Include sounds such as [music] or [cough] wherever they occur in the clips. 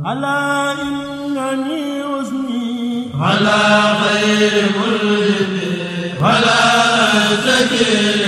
ألا إنني وزني على غير ملهم ولا أتكل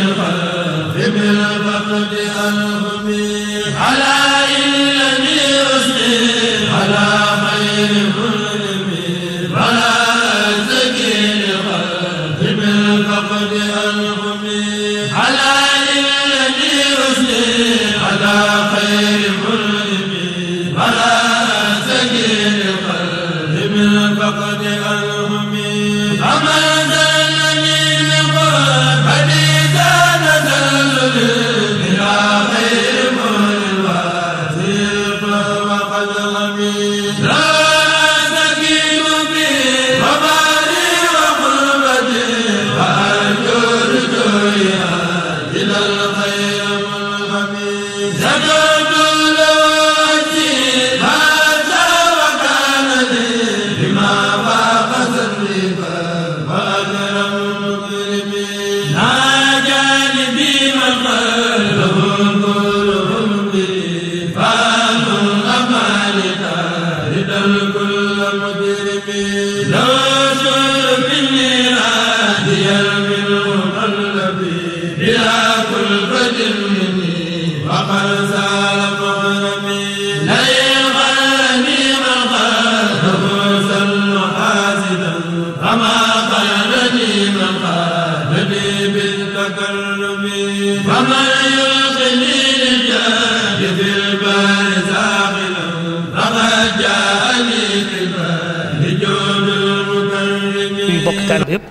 mbokk taalib yëpp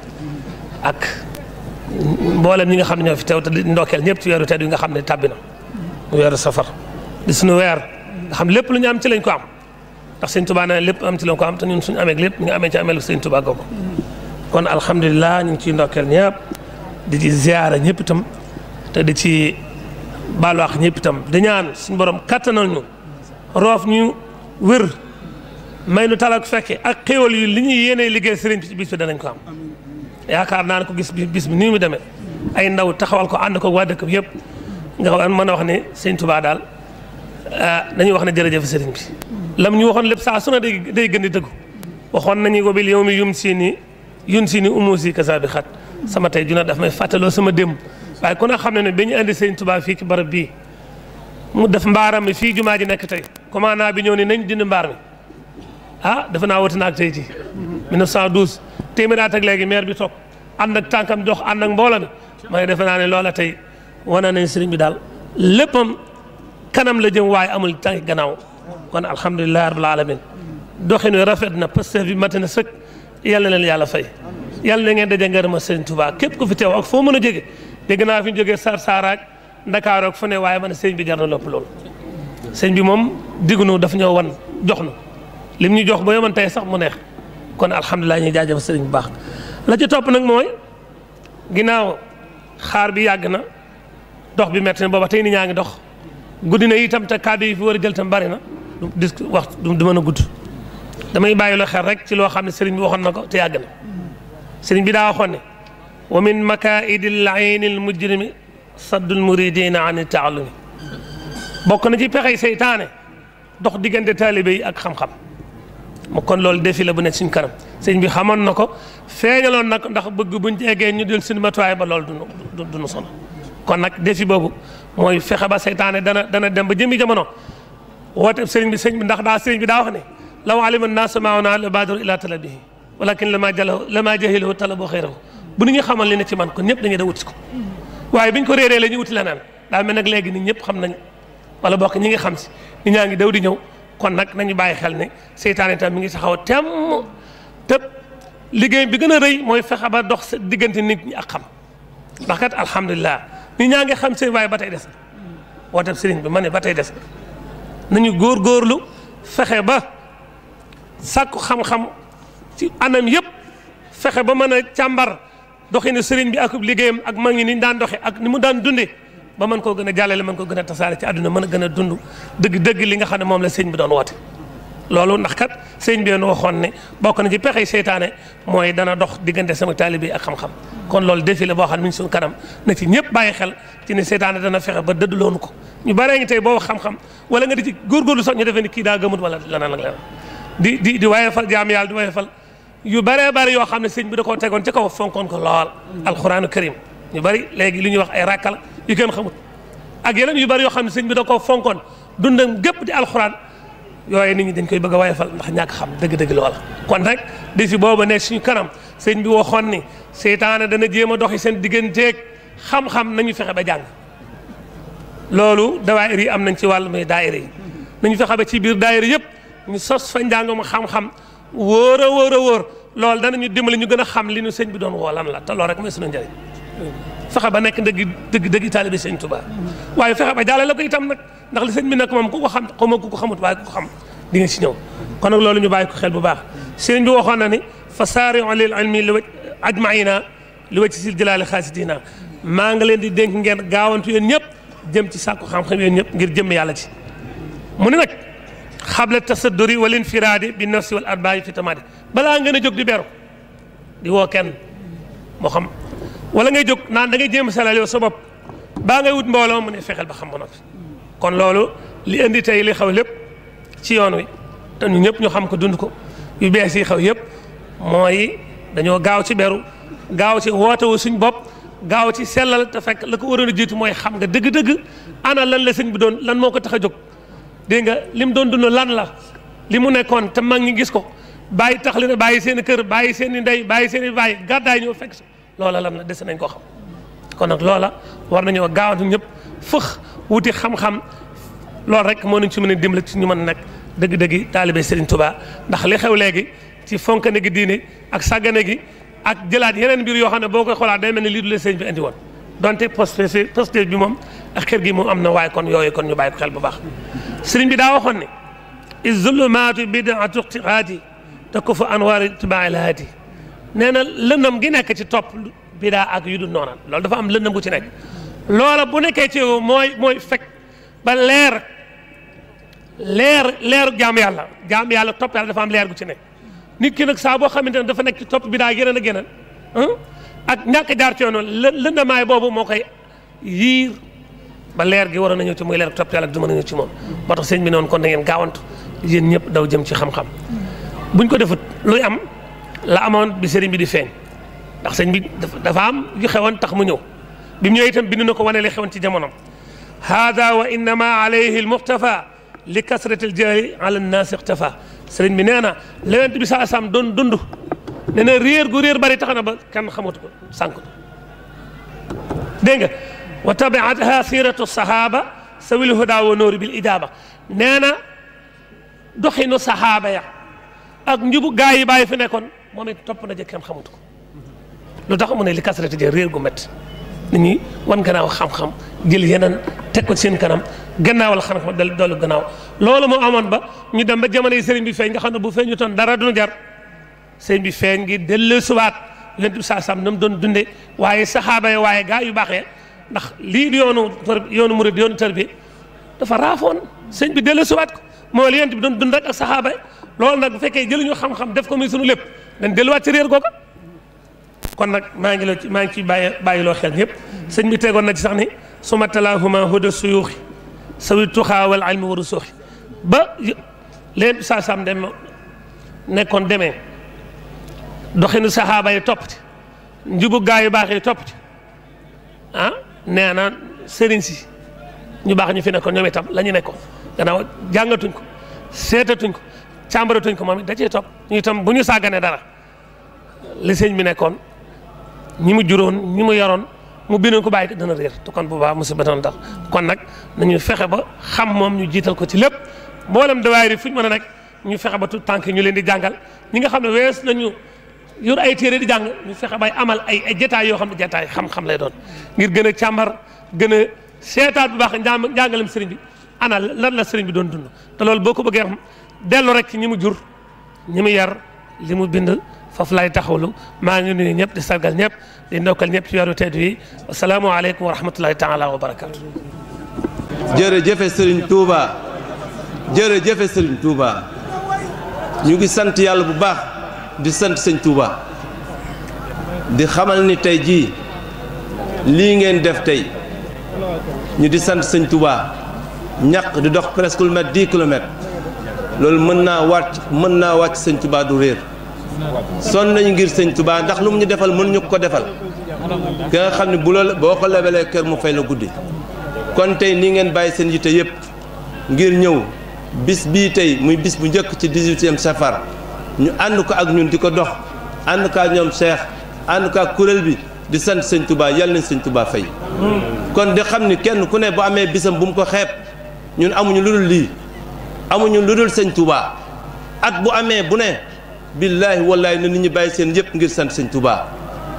ak mboolem ñi nga xam ne ñoo fi teew te ndokkeel ñëpp ci weeru tedd yi nga xam ne tàbbi na weeru safar di suñu weer nga xam lépp lu ñu am ci lañ ko am ndax sëñ tubaa nee lépp am ci ko am te ñun suñu amee lépp ñu nga amee ci amee lu sëñ tubaa googu kon alhamdulilah ñu ngi ciy ndokkeel ñëpp di ci ziyaara ñëpp itam te di ci baalu àq ñëpp itam di ñaan suñu borom kattanal ñu roof ñu wër may nu talak fekke ak xéwal yu li ñuy yéenee liggéey sëriñ bi ci bis bi danañ ko am yaakaar naa ne ko gis bis bi ni mu demee ay ndaw taxawal ko ànd ko waa dëkk bi yëpp nga xam mën a wax ne sëñ Tuubaa daal ah, dañuy wax ne jërëjëf sëriñ bi lam ñu waxoon lépp saa su ne day day gën di dëggu waxoon nañu ko bil yow mi yum si ni yun umu si kasa bi xat sama tey juna daf may fàttaloo sama démb waaye ku ne xam ne ne bi ñu indi sëñ Tuubaa fii ci barab bii mu def mbaaram mi fii jumaa ji nekk tey commandant bi ñëw ni nañ dindi mbaar mi ah defe naa wati naag tey jii 1912 téeméer at ak léegi maire bi toog ànd ak tànkam jox ànd ak mboola mi ma ne defe naa ne loola tey wane nañ sëriñ bi daal léppam kanam la jëm waaye amul tànk gannaaw kon alhamdulilah rabbil alamin doxin wi rafet na Pastef bi mat na sëkk yal na leen yàlla fay yal na ngeen daje ngërëma sëriñ Tuubaa képp ku fi mën a jege dégg naa fi ñu jógee sar saaraaj ndakaar ak fu ne waaye man sëñ bi jar na lopp loolu sëñ bi moom digunu dafa ñëw wan jox na lim ñu jox ba yoman tey sax mu neex kon alhamdulilah ñu jaajëf sëriñ bu baax la ci topp nag mooy ginnaaw xaar bi yàgg na dox bi metti na booba tey ñaa ngi dox guddi na itam te kàddu yi jël tam bari na du wax du mën a gudd damay bàyyi la xel rek ci loo xam ne sëriñ bi waxoon na ko te yàgg na sëriñ bi daa waxoon ne wa min makaidi làyni almujrimi saddul muridina an taalumi bokk na ci pexey seytaane dox diggante taalibe yi ak xam-xam mu kon loolu defi la bu nekk suñ kanam sëñ bi xamoon na ko feeñaloon nag ndax bëgg buñ ci ñu del suñu matuwaay ba loolu du du nu kon nag defi boobu mooy fexe ba seytaane dana dana dem ba jëmmi jamono woote sëriñ bi sëñ bi ndax daa sëriñ bi daa wax ne law alima naasu maanaa la baadaru ila talabihi walakin lama jalahu lama jahilahu talabu xayrahu bu nu ñu xamal li ne ci man kon ñëpp dañuy da wuti ko waaye biñ ko reeree la ñuy wuti leneen daal mel nag léegi nit ñëpp xam nañ wala bokk ñi ngi xam si ñaa ngi daw di ñëw kon nag nañu bàyyi xel ne seytaane tam mi ngi saxaw temm te liggéey bi gën a rëy mooy fexe ba dox sa diggante nit ñi alhamdulilah nit ñaa ngi xam seen waaye ba tey des na wooteeb sëriñ bi ma ne ba tey des nañu nañu góorgóorlu fexe ba sàkku xam-xam ci anam yëpp fexe ba mën a càmbar. doxinu sëriñ bi ak liggéeyam ak mag ñi ni daan doxe ak ni mu daan dunde ba mën koo gën a jàllale mën koo gën a tasaare ci àdduna mën a gën a dund dëgg dëgg li nga xam ne moom la sëñ bi doon woote loolu ndax kat sëñ bi yoon waxoon ne bokk na ci pexey seytaane mooy dana dox diggante sama taalibe ak xam-xam kon loolu défilé boo xam ne mi ngi suñu kanam na ci ñëpp bàyyi xel ci ne seytaane dana fexe ba dëdd ko ñu baree tey boo xam-xam wala nga di ci góorgóorlu sax ñu defee ni kii daa gëmut wala lanaan ak leneen di di di waaye fal jaam yàlla di waaye fal yu bëree bëri yoo xam ne sëñ bi da koo tegoon ci kaw fonkoon ko lool alxuraanu karim ñu bëri léegi li ñuy wax ay ràkkal yu kenn xamut ak yeneen yu bëri yoo xam ne sëñ bi da koo fonkoon dundam gépp di alxuraan yooyu nit ñi dañ koy bëgg a wayefal ndax ñàkk xam dëgg-dëgg loola kon rek défi boobu nee suñu kanam sëñ bi waxoon ni seytaane dana jéem a doxi seen digganteeg xam-xam nañu fexe ba jàng loolu daayira yi am nañ ci wàllu muy daayira yi nañu fexe ba ci biir daayira yëpp ñu sos fa njàngum xam-xam wóor a wóor a wóor loolu danañu dimbali ñu gën a xam li ñu sëñ bi doon woo la te loolu rek mooy suñu njëriñ fexe ba nekk dëgg dëgg dëgg taalibe sëñ Tuubaa waaye fexe ba jàllale ko itam nag ndax li sëñ bi nekk moom ku ko xam xaw ma ko xamut waaye ku ko xam di nga si ñëw kon nag loolu ñu bàyyi ko xel bu baax sëriñ bi waxoon na ni fa saari'u lil ilmi li waj ajmaina li waj sil jëlaali xaasidina maa ngi leen di dénk ngeen gaawantu yéen ñëpp jëm ci sàkku xam-xam yéen ñëpp ngir jëm yàlla ci mu ne nag xable tasadduri wal infiraadi bi nafsi wal adbaayi fi tamaadi balaa ngeen a jóg di beru di woo kenn moo xam wala ngay jóg naan da ngay jéem salal yow sa bopp baa ngay wut mbooloo mu ne fexeel ba xam ba noppi kon loolu li indi tey li xaw lépp ci yoon wi te ñu ñëpp ñu xam ko dund ko yu bees xaw yëpp mooy dañoo gaaw ci beru gaaw ci woote wu suñ bopp gaaw ci sellal te fekk la ko waroon jiitu mooy xam nga dëgg-dëgg ana lan la sëñ bu doon lan moo ko tax a jóg dégg nga li mu doon dund lan la li mu nekkoon te mag ñi gis ko bàyyi tax li bàyyi seen i kër bàyyi seen i ndey bàyyi seen i bàyyi gàddaay ñoo fekk si loola lam la des nañ ko xam kon nag loola war nañoo gaawantu ñëpp fëx wuti xam-xam loolu rek moo nañ ci mën a dimbali ci ñu mën nag dëgg-dëgg taalibe Serigne Touba ndax li xew léegi ci fonkane gi diine ak sàggane gi ak jëlaat yeneen mbir yoo xam ne boo koy xoolaat day mel ni lii du la sëñ bi indi woon donte poste bi moom ak xër gi moom am na waaye kon yooyu kon ñu bàyyi ko xel bu baax sëriñ bi daa waxoon ne izulumaatu bidaatu ixtiqaati te ko fa anwaari i nee na lëndam gi nekk ci topp bidaa ak yu dul noonaan loolu dafa am lëndam gu ci nekk loola bu nekkee ci yow mooy mooy fekk ba leer leer leeru jaam yàlla jaam yàlla topp yàlla dafa am leer gu ci nekk nit ki nag saa boo xamante ne dafa nekk ci topp bidaa gëneen a gëneen ah, ak ñàkk jaar ci yoon lëndamaay boobu moo koy yiir ba leer gi waroon na ñëw ci muy topp yàlla du mën a ñëw ci moom moo tax sëñ bi noonu kon da gaawantu yéen ñëpp daw jëm ci xam-xam buñ ko defut luy am la amoon bi sëriñ bi di feeñ ndax sëñ bi dafa am yu xewoon tax mu ñëw bi mu ñëwee itam bind na ko wane li xewoon ci jamonom hada wa innama alayhi al muxtafa li kasrati al jahli ala nnaas sëriñ bi nee na leneen bi sa sam doon dund nee na réer gu réer bari tax na ba kenn xamatu ko sànk dégg nga wa tabiatha siratu saxaaba sawil huda wa nóoru bil ijaaba nee na doxinu sahaaba ya ak njubu gaa yi bàyyi fi nekkoon moom it topp na jëkkam xamut ko lu tax mu ne li kasrati jël réer gu métti nit ñi wan gannaaw xam-xam jël yeneen teg ko seen kanam gannaawal xam-xam dal doolu gannaaw loolu moo amoon ba ñu dem ba jamono yi sëriñ bi feeñ nga xam ne bu feeñu toon dara duñu jar sëriñ bi feeñ ngi dellu suwaat leen du saa sam na mu doon dunde waaye saxaaba ya waaye gaa yu baaxee ndax lii di yoonu yoonu murid yoonu tarbiya dafa raafoon sëñ bi dellusiwaat ko moo li yent bi doon dund rek ak saxaaba loolu nag bu fekkee jëluñu xam-xam def ko muy sunu lépp dañ delluwaat ci réer googa kon nag maa ngi la ci maa ngi ciy bàyyi bàyyiloo xel ñëpp sëñ bi tegoon na ci sax ni suma talaahuma huda suyuuxi sawi tuxaa wal almi waru suuxi ba leen saa sam dem nekkoon demee doxinu saxaaba yi toppati njubu gaa yu baax yi toppati ah nee na sëriñ si ñu baax ñu fi nekkoon ñoom itam la ñu nekkoon gannaaw jàngatuñ ko seetatuñ ko càmbaratuñ ko moom it da cee topp ñu itam bu ñu sàgganee dara li sëñ bi nekkoon ñi mu juróon ñi mu yoroon mu binoon ko bàyyi ko dana réer te kon bu baax musiba dana dal kon nag nañu fexe ba xam moom ñu jiital ko ci lépp mboolem dawaayir yi fu ñu mën nekk ñu fexe ba tout tànk ñu leen di jàngal ñi nga xam ne wees nañu. yor ay téere di jàng ñu fexe bay amal ay ay jataay yoo xam ne jataay xam-xam lay doon ngir gën a càmbar gën a seetaat bu baax njàngalem sëriñ bi ana lan la sëriñ bi doon dund te loolu boo ko bëggee xam dellu rek ci ñi mu jur ñi mu yar li mu bind foofu laay taxawlu maa ngi nuyu ñëpp di sargal ñëpp di ndokkal ñëpp ci weeru tedd wi asalaamaaleykum wa rahmatullahi taala wa barakaatu. jërëjëfe sëriñ Touba jërëjëfe sëriñ Touba ñu ngi sant yàlla bu baax. di sant sëñ Touba di xamal ni tey jii lii ngeen def tey ñu di sant sëñ Touba ñaq di dox presque lu mat dix loolu mën naa wàcc mën naa wàcc sëñ Touba du réer son nañu ngir sëñ Touba ndax lu mu ñu defal mënuñu ko defal ki nga xam ne bu la boo ko lebalee kër mu fay la guddi kon tey nii ngeen bàyyi seen yitte yëpp ngir ñëw bis bii tey muy bis bu njëkk ci 18e safar ñu ànd ko ak ñun di ko dox ànd ko ñoom Cheikh ànd ko ak kuréel bi di sant sañ tubaa yàlla nañ sañ tubaa fay. kon di xam ni kenn ku ne bu amee bisam bu mu ko xeeb ñun amuñu lu dul lii amuñu lu dul sëñ tubaa at bu amee bu ne billaahi wallaahi na nit ñi bàyyi seen yëpp ngir sant sañ Touba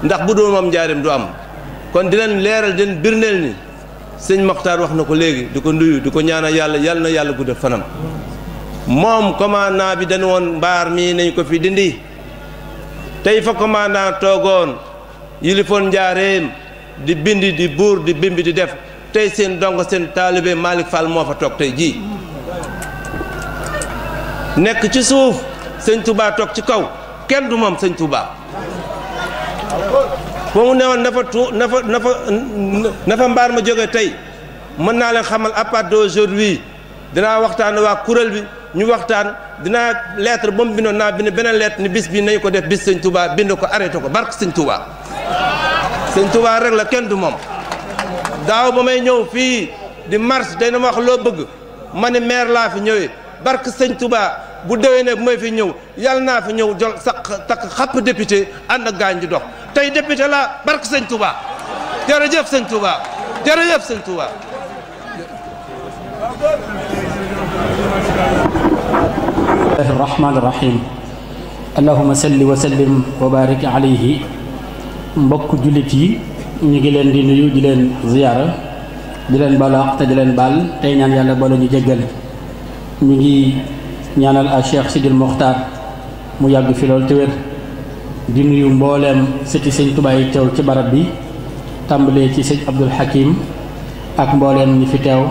ndax bu doon moom njaareem du am kon dinañ leeral den birneel ni sëñ Mokhtar wax na ko léegi di ko nuyu di ko ñaanal yàlla yàlla na yàlla guddal fanam. moom commandant bi dañu woon mbaar mii nañ ko fi dindi tey fa commandant toogoon yilifoon njaareem di bind di buur di bimbi di def tey seen dong seen taalibe Malick Fall moo fa toog tey jii nekk ci suuf sëñ Touba toog ci kaw kenn du moom sëñ Touba fa mu newoon na fa tu na fa na mbaar ma jóge tey mën naa leen xamal à partir d'aujourd'hui dinaa waxtaan waa kuréel bi ñu waxtaan dinaa lettre ba mu bindoon naa bind beneen lettre ni bis bi nañu ko def bis sëñ Touba bind ko arrêté ko barke sëñ Touba sëñ Touba rek la kenn du moom daaw ba may ñëw fii di mars day na ma wax loo bëgg ma ne maire laa fi ñëwee barke sëñ Touba bu déwénee bu may fi ñëw yàlla naa fi ñëw jol saq takk xapp député ànd ak gaañ di dox tey député la barke sëñ Touba jërëjëf sëñ Touba jërëjëf sëñ Touba الله الرحمن الرحيم اللهم صل وسلم وبارك عليه mbokk jullit yi ñu ngi leen di nuyu di leen ziyaara di leen balaax te di leen baal tey ñaan yàlla bala ñu jéggal ñu ngi ñaanal a Cheikh Sidil Mokhtar mu yàgg fi lool te wér di nuyu mbooleem sëti sëñ Tuubaa yi teew ci barab bi tàmbalee ci sëñ Abdul Hakim ak mbooleem ñi fi teew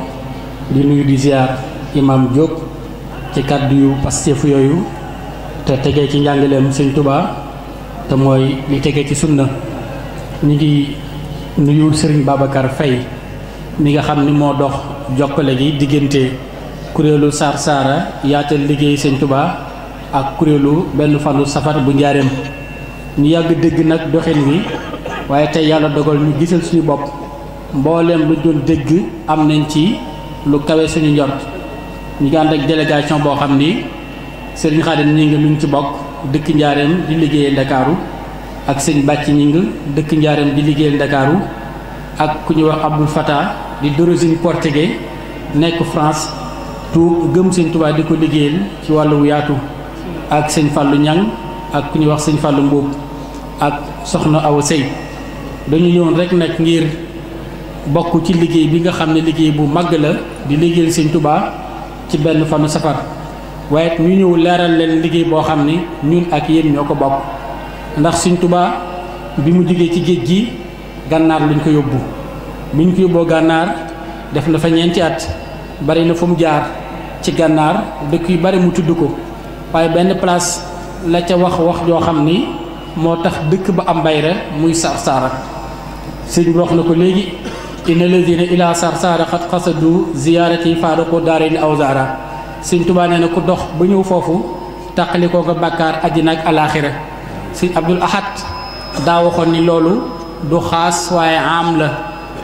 di nuyu di ziyaar imam Diop ci kàddu yu pasteefu yooyu te tegee ci njàngaleem sëñ tubaa te mooy li tegee ci sunna ñu ngi nuyu sëriñ Babacar Faye mi nga xam ni moo dox jokkale gi diggante kuréelu Saar Saara yaatal liggéey sëñ tubaa ak kuréelu benn fanu safar bu njaareem ñu yàgg dégg nag doxin wi waaye tey yàlla dogal ñu gisal suñu bopp mbooleem lu doon dégg am nañ ci lu kawe suñu njort ñu ngi ànd ak délégation boo xam ni sëriñ Xaadim ñi ngi mi ci bokk dëkk njaareem di liggéeyal Ndakaaru ak sëñ bàcc ñi dëkk njaareem di liggéeyal Ndakaaru ak ku ñu wax Abdou Fata di d'origine portugais nekk France tuub gëm sëñ Tuubaa di ko liggéeyal ci wàllu yaatu ak sëñ Fàllu Ñang ak ku ñu wax sëñ Fàllu Mbuub ak soxna Awa Sey dañu ñëwoon rek nag ngir bokk ci liggéey bi nga xam ne liggéey bu màgg la di liggéeyal sëñ Tuubaa ci benn fanu safar waaye ñu ñëw leeral leen liggéey boo xam ni ñun ak yéen ñoo ko bokk ndax Sëñ Tuubaa bi mu jógee ci géej gi gànnaar luñ ko yóbbu bi ñu ko yóbboo gànnaar def na fa ñeenti at bari na fu mu jaar ci gànnaar dëkk yu bari mu tudd ko waaye benn place la ca wax wax joo xam ni moo tax dëkk ba am mbayre muy sar saarak sëñ bi wax na ko léegi inna lazina ila sarsara xat xasadu ziyaarati faaraqu daaril awzaara sëñ tubaa nee na ku dox ba ñëw foofu tàqalikoo nga bàkkaar àddina ak alaaxira sëñ abdul ahad daa waxoon ni loolu du xaas waaye am la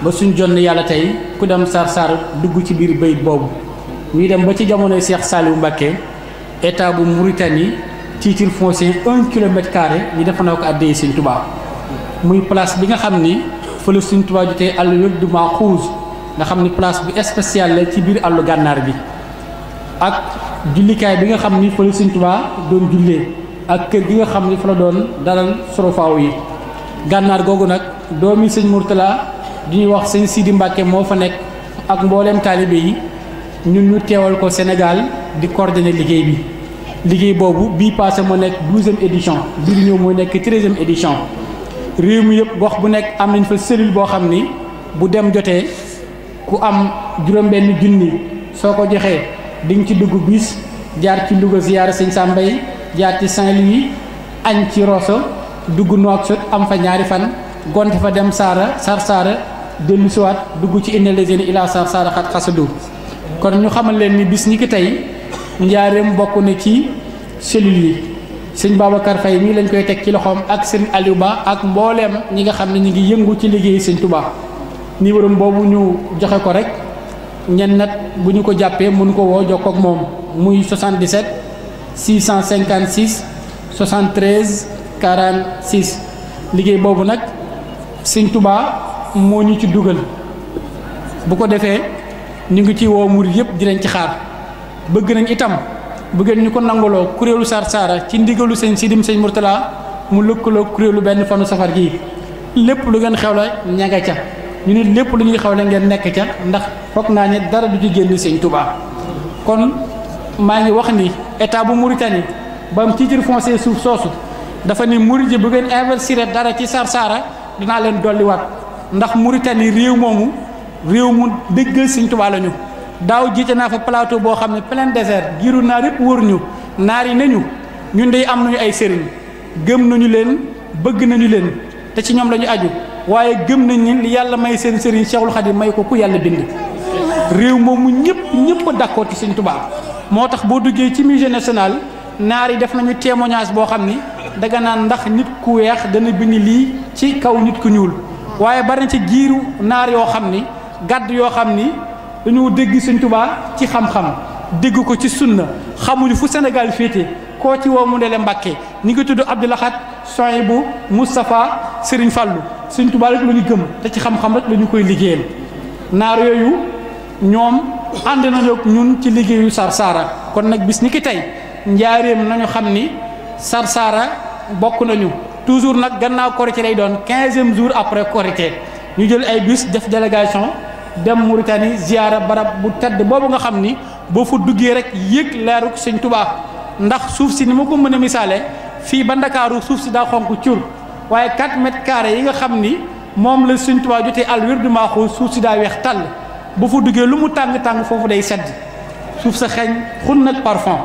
ba suñ jonn yàlla tey ku dem sarsar dugg ci biir bayit boobu ñuy dem ba ci jamonoy Cheikh Saliou Mbacké état bu Mauritanie titre foncier un kilomètre carré ñu def na ko àddee sëñ tubaa muy place bi nga xam ni fële Sëriñ Tuubaa jotee àll wér du maa nga xam ni place bu spéciale la ci biir àllu gànnaar bi ak jullikaay bi nga xam ni fële Sëriñ Tuubaa doon jullee ak kër gi nga xam ni fa la doon dalal sorofaaw yi gànnaar googu nag doomi sëñ Mourtala di ñuy wax sëñ Sidi Mbàkke moo fa nekk ak mbooleem taalibe yi ñun ñu teewal ko Sénégal di coordonner liggéey bi liggéey boobu bii passé moo nekk douzième édition bii ñëw mooy nekk treizième édition réew mi yëpp gox bu nekk am nañ fa cellule boo xam ni bu dem jotee ku am juróom-benn junni soo ko joxee dinga ci dugg bis jaar ci Louga ziyaara sëñ Sàmbay jaar ci Saint-Louis añ ci Rosso dugg Nouakchott am fa ñaari fan gont fa dem saara sar saara dellu siwaat dugg ci inna lazina ila sar saara xat xasadu kon ñu xamal leen bis ñi ki tey njaareem bokk na ci cellule yi sëñ Babacar Faye mii lañ koy teg ci loxoom ak seen Aliou Ba ak mbooleem ñi nga xam ne ñu ngi yëngu ci liggéey sëñ Touba numéro boobu ñu joxe ko rek ñenn nat bu ñu ko jàppee mënu ko woo jokkoo ak moom muy 77 656 73 46 liggéey boobu nag sëñ Touba moo ñu ci dugal bu ko defee ñu ngi ci woo mur yëpp dinañ ci xaar bëgg nañ itam. bu ngeen ñu ko nanguloo kuréelu sar saara ci ndigalu sëñ sidim sëñ murtala mu lëkkaloo kuréelu benn fanu safar gii lépp lu ngeen xew ña nga ca ñu nit lépp lu ñuy xewle ngeen nekk ca ndax foog naa ne dara du ci génn sëñ Touba kon maa ngi wax ni état bu Mauritanie ba mu titre foncier suuf soosu dafa ni Murit bu ngeen investir dara ci sar saara dinaa leen dolliwaat ndax Mauritanie réew moomu réew mu dëggal sëñ Touba la ñu daaw jiite naa fa plateau boo xam ne plein désert giiru naar yëpp wër ñu naar yi nañu ñun dey am nañu ay sëriñ gëm nañu leen bëgg nañu leen te ci ñoom lañuy ñu aju waaye gëm nañ ni li yàlla may seen sëriñ Cheikhul Khadim may ko ku yàlla bind réew moom ñëpp ñëpp d'accord ci Sëriñ Tuubaa moo tax boo duggee ci musée national naar yi def nañu témoignage boo xam ni danga naan ndax nit ku weex dana bind lii ci kaw nit ku ñuul waaye bari na ci giiru naar yoo xam ni gàdd yoo xam ni dañoo dégg sëñ Tuubaa ci xam-xam dégg ko ci sunna xamuñu fu Sénégal féete koo ci woo mu ne la ñi ngi tudd Abdou Lahad Souhaïbou Moustapha Serigne Fallou sëñ Tuubaa rek la gëm te ci xam-xam rek la koy liggéeyal naar yooyu ñoom ànd nañu ak ñun ci liggéeyu Sarsara kon nag bis ni ki tey njaareem nañu xam ni Sarsara bokk nañu toujours nag gannaaw Korité lay doon quinzième jours après Korité ñu jël ay bis def délégation dem Mauritanie ziyaara barab bu tedd boobu nga xam ni boo fa duggee rek yëg leeruk sëñ Tuubaa ndax suuf si ni ma ko mën a misaale fii ba ndakaaru suuf si daa xonk cur waaye 4 mètres carrés yi nga xam ni moom la sëñ Tuubaa jotee àll wér du suuf si daa weex tàll boo fa duggee lu mu tàng tàng foofu day sedd suuf sa xeeñ xun nag parfum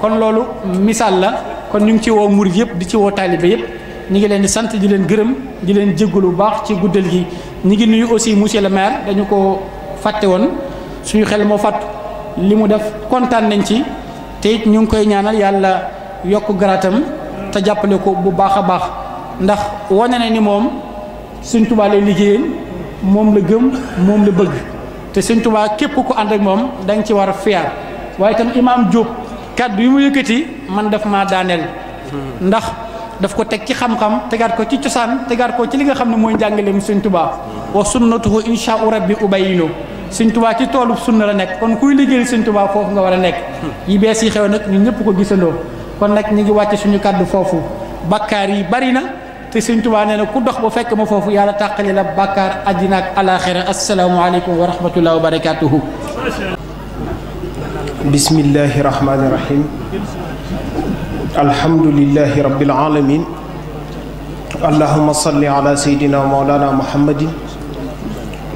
kon loolu misaal la kon ñu ngi ci woo murid yëpp di ci woo taalibe yëpp ñu ngi leen di sant di leen gërëm di leen jéggul bu baax ci guddal gi ñi ngi nuyu aussi monsieur le maire dañu ko fàtte woon suñu xel moo fàttu li mu def kontaan nañ ci te it ñu ngi koy ñaanal yàlla yokk garatam te jàppale ko bu baax a baax ndax wane na ni moom Sëñ Tuubaa lay liggéeyal moom la gëm moom la bëgg te Sëñ Tuubaa képp ku ànd ak moom da nga ci war a fiyaar waaye itam imaam Diop kàddu yi mu yëkkati man daf maa daaneel ndax daf ko teg ci xam-xam tegaat ko ci cosaan tegaat ko ci li nga xam ne mooy njàngaleem Sëñ Tubaa wa sunnatuhu insha rabbi ubayinu Sëñ Tubaa ci toolu na la nekk kon kuy liggéey Sëñ Tubaa foofu nga war a nekk yi bees yi xew nag ñun ñëpp ko gisandoo kon nag ñu ngi wàcce suñu kàddu foofu bàkkaar yi bari na te Sëñ Tubaa nee na ku dox ba fekk ma foofu yàlla tàqali la bàkkaar àddina ak alaaxira asalaamualeykum wa rahmatullahi wa barakaatuhu bismillahi rahmaani rahim alhamdulillahi rabbil alamin allahuma salli ala seydina mawlana muhammadin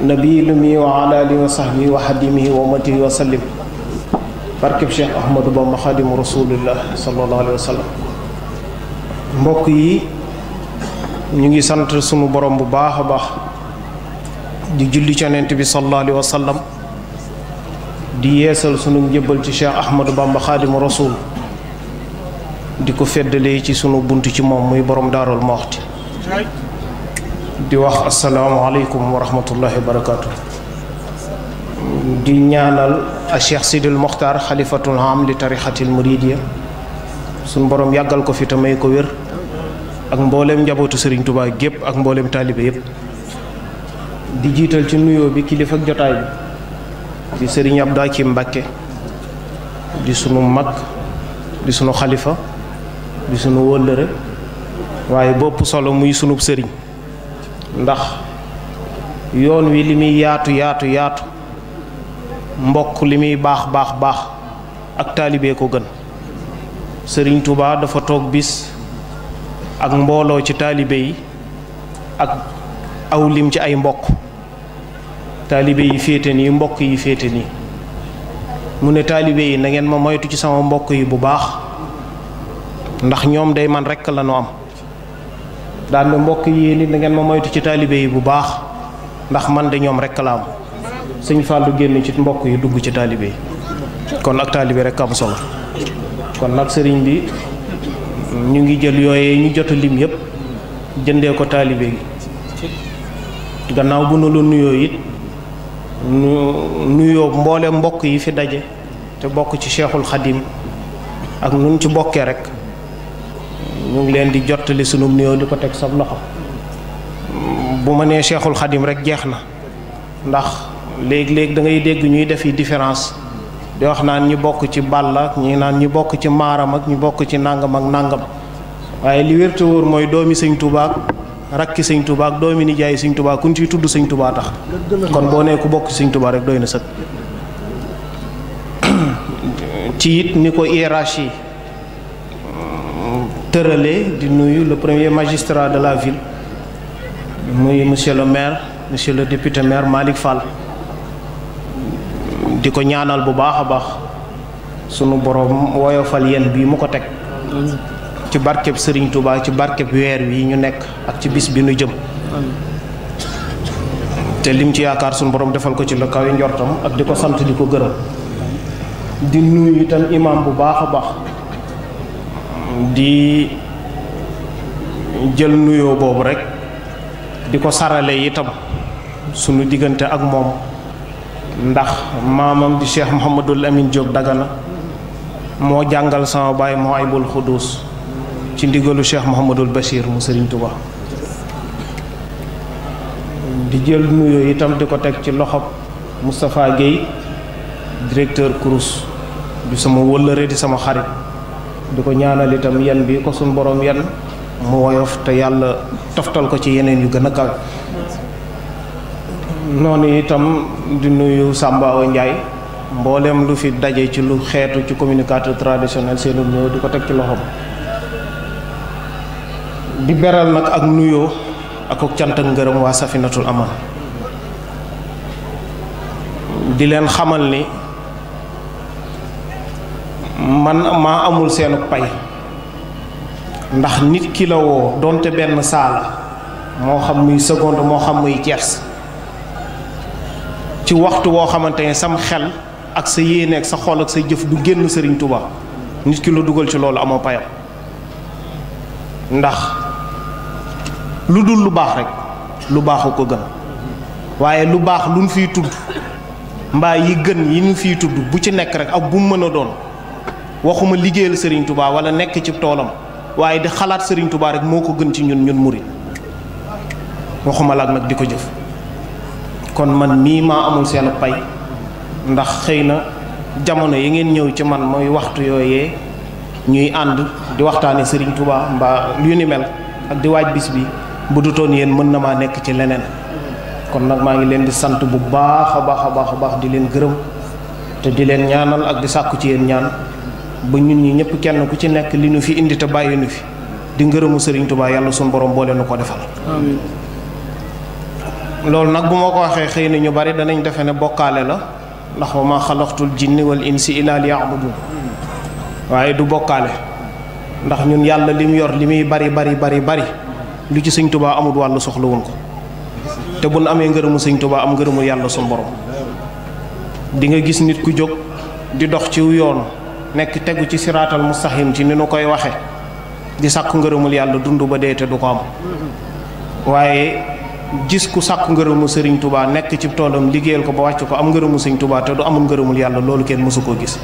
nabi lumi wa ala alihi wa sahbihi wa xadimihi wa umatihi wa sallim barkeb cheikh ahmadou bamba xadimu rasulillah sallallahu alayhi wa mbokk yi ñu ngi sant sunu borom bu baax a baax di julli ci yonent bi sallallahu alayhi di yeesal sunu njëbbal ci cheikh ahmadou bamba xadimu rasul di ko feddalee ci sunu bunt ci moom muy boroom borom daarul moxti di wax asalaamualeykum wa rahmatullahi wa barakaatu. di ñaanal a Cheikh Sidil Mokhtar xalifatul am li tarixatil muridiya sunu borom yàggal ko fi te may ko wér ak mbooleem njabootu Serigne Touba gépp ak mbooleem taalibe yépp di jiital ci nuyoo bi kilifa ak jotaay bi di Serigne Abdou Akim Mbacke di sunu mag di sunu xalifa di sunu wëllëre waaye bopp solo muy sunub sëriñ ndax yoon wi li muy yaatu yaatu yaatu mbokk li muy baax baax baax ak taalibe ko gën sëriñ tubaa dafa toog bis ak mbooloo ci taalibe yi ak aw lim ci ay mbokk taalibe yi féete nii mbokk yi féete nii mu ne taalibe yi na ngeen ma moytu ci sama mbokk yi bu baax ndax ñoom day man rekk la nu am daal ne mbokk yi nit dangeen ngeen ma moytu ci taalibe yi bu baax ndax man de ñoom rekk la am sëñ Fallou génn ci mbokk yi dugg ci taalibe yi kon ak taalibe rekk am solo kon nag sëriñ bi ñu ngi jël yooyee ñu jotu lim yépp jëndee ko taalibe gi gannaaw bu nu la nuyoo it nuyoo mboole mbokk yi fi daje te bokk ci Cheikhul Khadim ak nun ci bokkee rek ñu ngi leen di jottali sunu nuyoo di ko teg sab loxo bu ma nee Cheikhul Khadim rek jeex na ndax léegi-léegi dangay ngay dégg ñuy defi différence di wax naan ñu bokk ci bàll ak ñi naan ñi bokk ci maaram ak ñi bokk ci nàngam ak nàngam waaye li wér te wóor mooy doomi sëñ Tuubaa ak rakki sëñ Tuubaa ak doomi nijaay sëñ Tuubaa kun ciy tudd sëñ Tuubaa tax kon boo nee ku bokk ci sëñ Tuubaa doy na sëkk [clears throat] ci ni ko hiérarchie tëralee di nuyu le premier magistrat de la ville muy monsieur le maire monsieur le député maire Malick Fall di ko ñaanal bu baax a baax sunu boroom woyofal yéen bii mu ko teg ci barkeb sëriñ Touba ci barkeb weer wi ñu nekk ak ci bis bi nu jëm te lim ci yaakaar sunu borom defal ko ci la kaw yi njortam ak di ko sant di ko gërëm di nuyu itam imam bu baax a baax. di jël nuyoo boobu rek di ko sarale itam sunu diggante ak moom ndax maamam di Cheikh Mouhamadul Amin Diop Dagana moo jàngal sama baay moo aybul xuduus ci ndigalu Cheikh Mouhamadul Bachir mu Sëriñ Tuba di jël nuyoo itam di ko teg ci loxob Moustapha Guèye directeur Crous du sama wëllëre di sama xarit di ko ñaanal itam yan bi ko suñ borom yan mu woyof te yàlla toftal ko ci yeneen yu gën a kawe noonu itam di nuyu Samba Awa Ndiaye mboolem lu fi daje ci lu xeetu ci communicateur traditionnel seenu ñëw di ko teg ci loxoom di beral nag ak nuyoo ak ak cant ak ngërëm waa Safinatul Aman di leen xamal ni man maa amul seenu pay ndax nit ki la woo donte benn saala moo xam muy seconde moo xam muy tiers ci waxtu woo xamante ne sam xel ak sa yéene ak sa xol ak sa jëf du génn Sëriñ Tuubaa nit ki la dugal ci loolu amoo payam ndax lu dul lu baax rek lu baaxu ko gën waaye lu baax luñ fiy tudd mbaa yi gën yi ñu fiy tudd bu ci nekk rek ak bu mu mën a doon waxuma liggéeyal Serigne tubaa wala nekk ci toolam waaye di xalaat sëriñ tubaa rek moo ko gën ci ñun ñun murit waxuma laag nag di ko jëf kon man mii maa amul seen pay ndax xëy na jamono yi ngeen ñëw ci man mooy waxtu yooyee ñuy ànd di waxtaane sëriñ tubaa mbaa yu ni mel ak di waaj bis bi bu dutoon yéen mën na maa nekk ci leneen kon nag maa ngi leen di sant bu baax a baax a baax a baax di leen gërëm te di leen ñaanal ak di sàkku ci yéen ñaan ba ñun ñi ñëpp kenn ku ci nekk li nu fi indi te bàyyi nu fi di ngërëmu sëriñ Touba yàlla suñ borom boole nu ko defal. loolu nag bu ma ko waxee xëy na ñu bari danañ defe ne bokkaale la ndax wa maa xalaqtul jinni wal insi illaa liya'budun waaye du bokkaale ndax ñun yàlla li mu yor li muy bari bari bari bari lu ci sëñ Touba amul wàll soxlawul ko te bun amee ngërëmu sëñ tubaa am ngërëmu yàlla sunu borom di nga gis nit ku jóg di dox ci yoon. nekk tegu ci siraatal mustaqim ci ni nu koy waxe di sàkku ngërëmul yàlla dund ba dee te du ko am waaye gis ku sàkku ngërëmu sëriñ tubaa nekk ci toolam liggéeyal ko ba wàcc ko am ngërëmu sëriñ tubaa te du amul ngërëmul yàlla loolu kenn mësu koo gis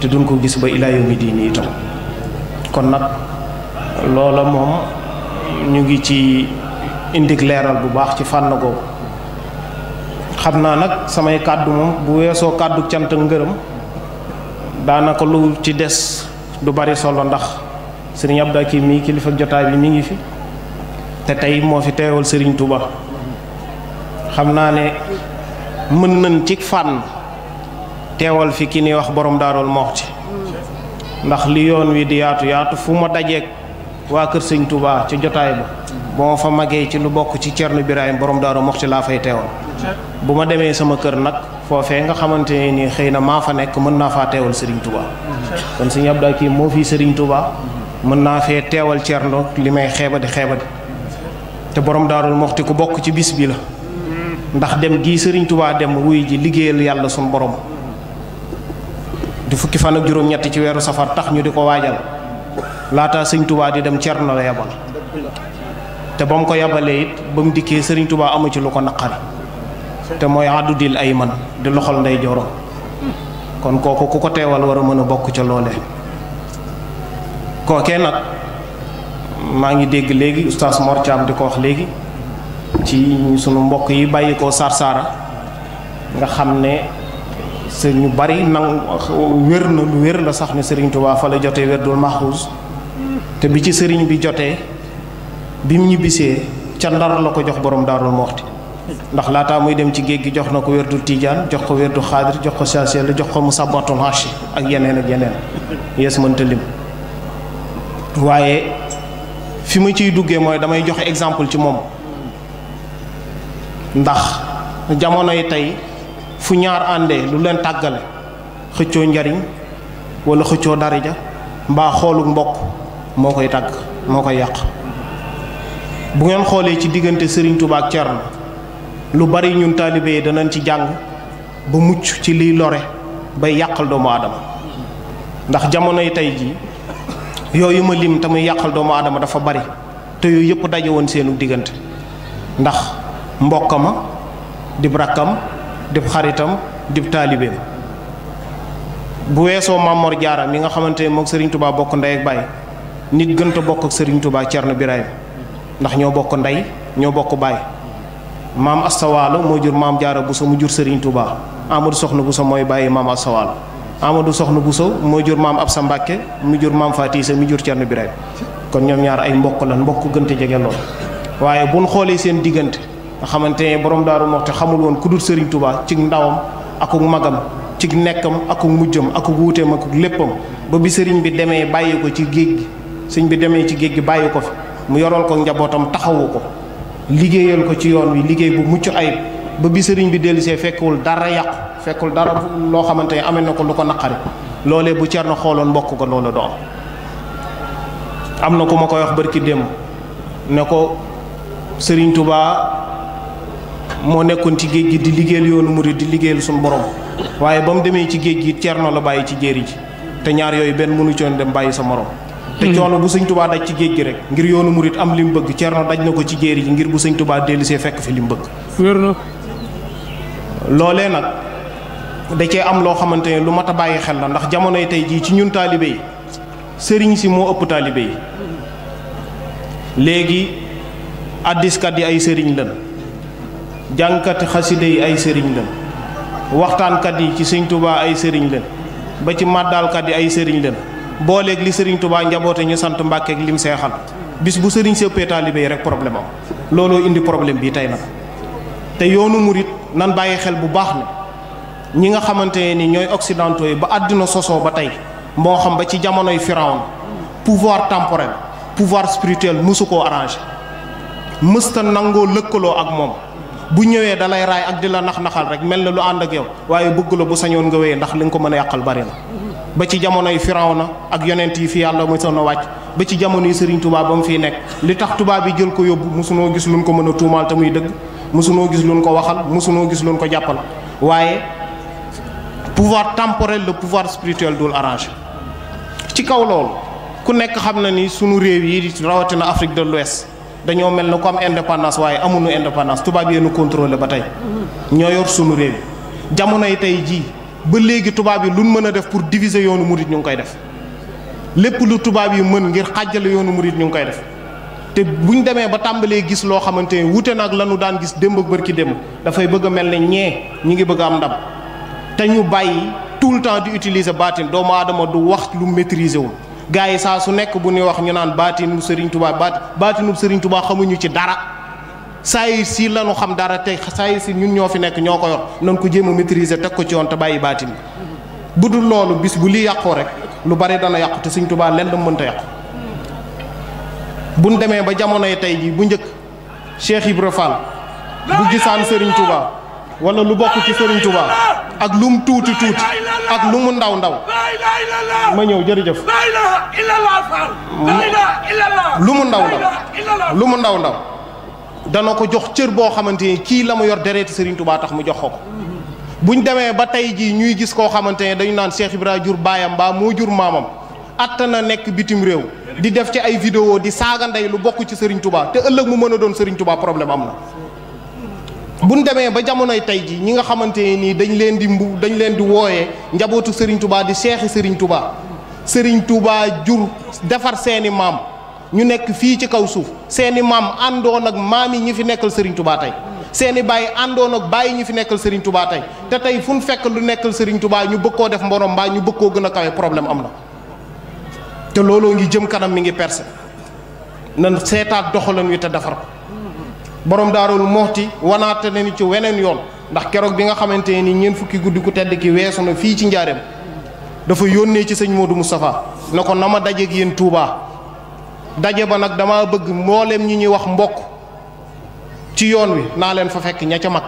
te duñ ko gis ba ilaa yawmi diini itam kon nag loola moom ñu ngi ci indik leeral bu baax ci fànn ko xam naa nag samay kàddu moom bu weesoo kàddu cant ngërëm daanaka lu ci des du bari solo ndax sëriñ Abdou Hakim mii kilifa jotaay bi mi ngi fi te tey moo fi teewal sëriñ Touba xam naa ne mën nañ ci fànn teewal fi ki ni wax borom daarul moxti ndax li yoon wi di yaatu yaatu fu ma dajeek waa kër sëñ Touba ci jotaay ba boo fa magee ci lu bokk ci Cerno Birahim borom daaru moxti laa fay teewal bu ma demee sama kër nag foofee nga xamante ne nii xëy na maa fa nekk mën naa faa teewal Serigne Touba kon Serigne Abdou Hakim moo fi Serigne Touba mën naa fee teewal Thierno li may xeebadi xeebadi te borom daarul moxti ku bokk ci bis bi la ndax dem gii sëriñ Touba dem wuy ji liggéeyal yàlla suñ boroom di fukki fan ak juróom-ñetti ci weeru safar tax ñu di ko waajal laataa Serigne tubaa di dem Thierno la yabal te ba ko yabalee it ba dikkee sëriñ tubaa amu ci lu ko naqari. te mooy dil ay man di loxol nday joro kon kooku ku ko teewal war mën a bokk ca loole kookee nag maa ngi dégg léegi oustaz Mor di ko wax léegi ci sunu mbokk yi bàyyi koo Sarsara nga xam ne sa ñu bari nang wér na lu wér la sax ni Serigne Touba fa la jotee wér dul Maxuus te bi ci sëriñ bi jotee bi mu ñibbisee ca ndar la ko jox borom daarul moxti ndax laata muy dem ci géej gi jox na ko wérdu tijaan jox ko wérdu xaadir jox ko saaseel jox ko musabatul hashi ak yeneen ak yeneen yees mënta lim waaye fi ma ciy duggee mooy damay jox exemple ci moom ndax jamono yi tey fu ñaar àndee lu leen tàggale xëccoo njariñ wala xëccoo daraja mbaa xoolu mbokk moo koy tàgg moo koy yàq bu ngeen xoolee ci diggante sëriñ tubaak ak Thierno lu bari ñun taalibe yi danañ ci jàng ba mucc ci liy lore bay yàqal doomu aadama ndax jamonoy tey ji yooyu ma lim te muy yàqal doomu aadama dafa bari te yooyu yëpp daje woon seenu diggante ndax ma dib rakkam dib xaritam dib taalibeem bu weesoo maamoor Jaara mi nga xamante ne moog Serigne tubaa bokk ndey ak baay nit gën a bokk ak Serigne Touba Thierno Birahim ndax ñoo bokk ndey ñoo bokk baay. maam astawaalo moo jur maam jaara buso mu jur sëriñ Touba Amadou Soxna Buso mooy bàyyi maam astawaalo Amadou Soxna Buso moo jur maam sa Mbàkke mu jur maam Fatisa mu jur bi Birahim kon ñoom ñaar ay mbokk lan mbokk gënte jege lool waaye nu xoolee seen diggante nga xamante ne borom daaru moxte xamul woon ku dul sëriñ tubaa ci ndawam ak akuk magam ci nekkam akuk mujjam akuk wuuteem akuk léppam ba bi sëriñ bi demee bàyyi ko ci géej gi sëriñ bi demee ci géej gi bàyyi ko fi mu yoral ko njabootam taxawu ko liggéeyal ko ci yoon wi liggéey bu mucc ayib ba bi sëriñ bi dellusee fekkuwul dara yàqu fekkul dara loo xamante ne amee na ko lu ko naqari loole bu na xooloon mbokk ko loola do am na ku ma koy wax barki démb ne ko sëriñ Touba moo nekkoon ci géej gi di liggéeyal yoonu murid di liggéeyal suñu borom waaye ba mu demee ci géej gi na la bàyyi ci jéeri ji te ñaar yooyu benn mënu coon dem bàyyi sa morom te coono bu sëñ tubaa daj ci géej gi rek ngir yoonu murit am li mu bëgg Ceerno daj na ko ci géer ji ngir bu sëñ tubaa dellisee fekk fi li mu bëgg wér na loolee nag da cee am loo xamante ne lu mat a bàyyi xel la ndax jamonoy tey jii ci ñun taalibe yi sëriñ si moo ëpp taalibe yi léegi addiskat yi ay sëriñ lan jànkati xaside yi ay sëriñ lan waxtaankat yi ci sëñ ay sëriñ lan ba ci màddaalkat yi ay sëriñ lan booleeg li sëriñ tubaa njaboote ñu sant mbàkkeeg lim seexal bis bu sëriñ sëppee taalibe yi rek problème am looloo indi problème bi tey nag te yoonu murit nan bàyyi xel bu baax ne ñi nga xamante ni ñooy occidentaux yi ba àddina sosoo ba tey moo xam ba ci jamonoy firawn pouvoir temporel pouvoir spirituel mësu koo arrangé mësta nangoo lëkkaloo ak moom bu ñëwee dalay raay ak di nax naxal rek mel na lu ànd ak yow waaye bëgg la bu sañoon nga wéyee ndax li ko mën a yàqal bari na ba ci jamonoy na ak yonent yi fi yàlla mosoon a wàcc ba ci jamonoy Serigne tubaab ba mu fi nekk li tax tubaab yi jël ko yóbbu mosunoo gis luñ ko mën a tuumaal te muy dëgg mosunoo gis luñ ko waxal mosunoo gis luñ ko jàppal waaye pouvoir temporel le pouvoir spirituel dul arrangé ci kaw loolu ku nekk xam na ni sunu réew yi rawatina Afrique de l'Ouest dañoo mel ne ku am indépendance waaye amuñu indépendance tubaab yéenu contrôlé ba tey ñoo yor sunu réew jamonoy tey jii. ba léegi tubaab yi luñ mën a def pour diviser yoonu murit ñu ngi koy def lépp lu tubaab yi mën ngir xàjjale yoonu murit ñu ngi koy def te bu ñu demee ba tàmbalee gis loo xamante ne wute nag lanu daan gis démb ak ki démb dafay bëgg a mel ne ñee ñi ngi bëgg am ndam te ñu bàyyi tout le temps di utiliser baatin doomu aadama du wax lu maîtriser wul gars yi saa su nekk bu ñuy wax ñu naan baatinu Serigne Touba baat baatinu Serigne Touba xamuñu ci dara. saayir si lañu xam dara te saayir si ñun ñoo fi nekk ñoo ko yor nan ko jéem a maîtriser teg ko ci yoon te bàyyi baatin bu dul loolu bis bu li yàqoo rek lu bari dana yàqu te Sëñ Tuubaa lenn mënta yàqu buñ demee ba jamonoy tey ji bu njëkk Cheikh Ibra Fall bu gisaan Serigne Touba wala lu bokk ci Serigne Touba ak lu mu tuuti tuuti ak lu mu ndaw ndaw ma ñëw jërëjëf lu mu ndaw ndaw lu mu ndaw ndaw dana ko jox cër boo xamante ni kii la mu yor dereeti Serigne Touba tax mu jox ko ko buñ demee ba tey jii ñuy gis koo xamante ne dañu naan Cheikh Ibrahima jur baayam moo jur maamam atta na nekk bitim réew di def ci ay vidéo di saaga ndey lu bokk ci Serigne te ëllëg mu mën a doon Serigne Touba problème buñ demee ba jamonoy tey ji ñi nga xamante ne nii dañ leen di mbu dañ leen di wooyee njabootu Serigne Touba di seexi Serigne Touba Serigne Touba jur defar seeni maam. ñu nekk fii ci kaw suuf seeni maam àndoon ak maam yi ñu fi nekkal Serigne Touba tey seeni bàyyi àndoon ak bàyyi ñu fi nekkal Serigne tubaa tey te tey fu fekk lu nekkal Serigne Touba ñu bëgg koo def mborom mbaa ñu bëgg koo gën a kawe problème am na. te looloo ngi jëm kanam mi ngi perse na seetaat doxalan wi te defar ko borom daarul moxti wanaate nañu ci weneen yoon ndax keroog bi nga xamante ni ñeent fukki guddi ku tedd ki weesu na fii ci njaareem dafa yónnee ci sëñ Modou Moustapha na ko na ma dajeeg yéen Touba. daje ba nag dama bëgg mboolem ñi ñuy wax mbokk ci yoon wi naa leen fa fekk ña ca mag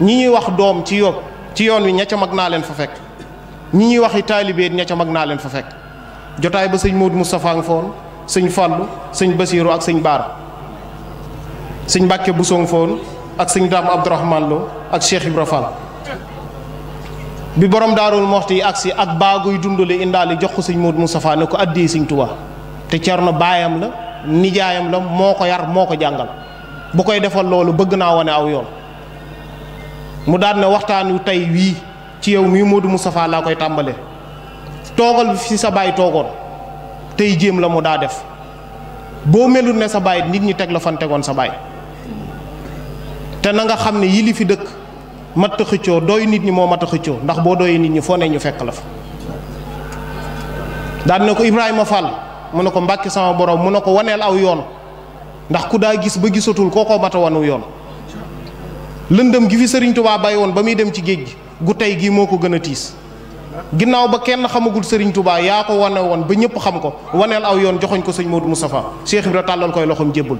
ñi ñuy wax doom ci yoon ci yoon wi ña mag naa leen fa fekk ñi ñuy waxi taalibe ña ca mag naa leen fa fekk jotaay ba sëñ Modou Moustapha nga foon sëñ Fallou sëñ Basiiru ak sëñ baar sëñ Mbàkke Bousso nga foon ak sëñ daam Abdourahmane Lo ak Cheikh Ibra Fall bi borom daarul moxti yi agsi ak baaguy dundale indaali jox ko sëñ Modou Moustapha ne ko addee sëñ Tuubaa te Cerno baayam la nijaayam la moo ko yar moo ko jàngal bu koy defal loolu bëgg naa wone aw yoon mu daan ne waxtaan wi tey wii ci yow mii mu safaa laa koy tàmbalee toogal fi sa baay toogoon tey jéem la mu daa def boo melut ne sa baay nit ñi teg la fan tegoon sa baay te na nga xam ne yi li fi dëkk mat a xëccoo doy nit ñi moo mat a xëccoo ndax boo doyee nit ñi foo ne ñu fekk la fa daan ko Ibrahima Fall. mu ne ko mbàkki sama borom mu ne ko waneel aw yoon ndax ku daa gis ba gisatul kookoo mata wanu yoon lëndëm gi fi sëriñ tubaa bàyyi woon ba muy dem ci géej gi gu tey gii moo ko gën a tiis ginnaaw ba kenn xamagul sëriñ tubaa yaa ko wane woon ba ñëpp xam ko waneel aw yoon joxoñ ko sëñ Modou Moustapha Cheikh Ibra tàllal koy loxoom jébbal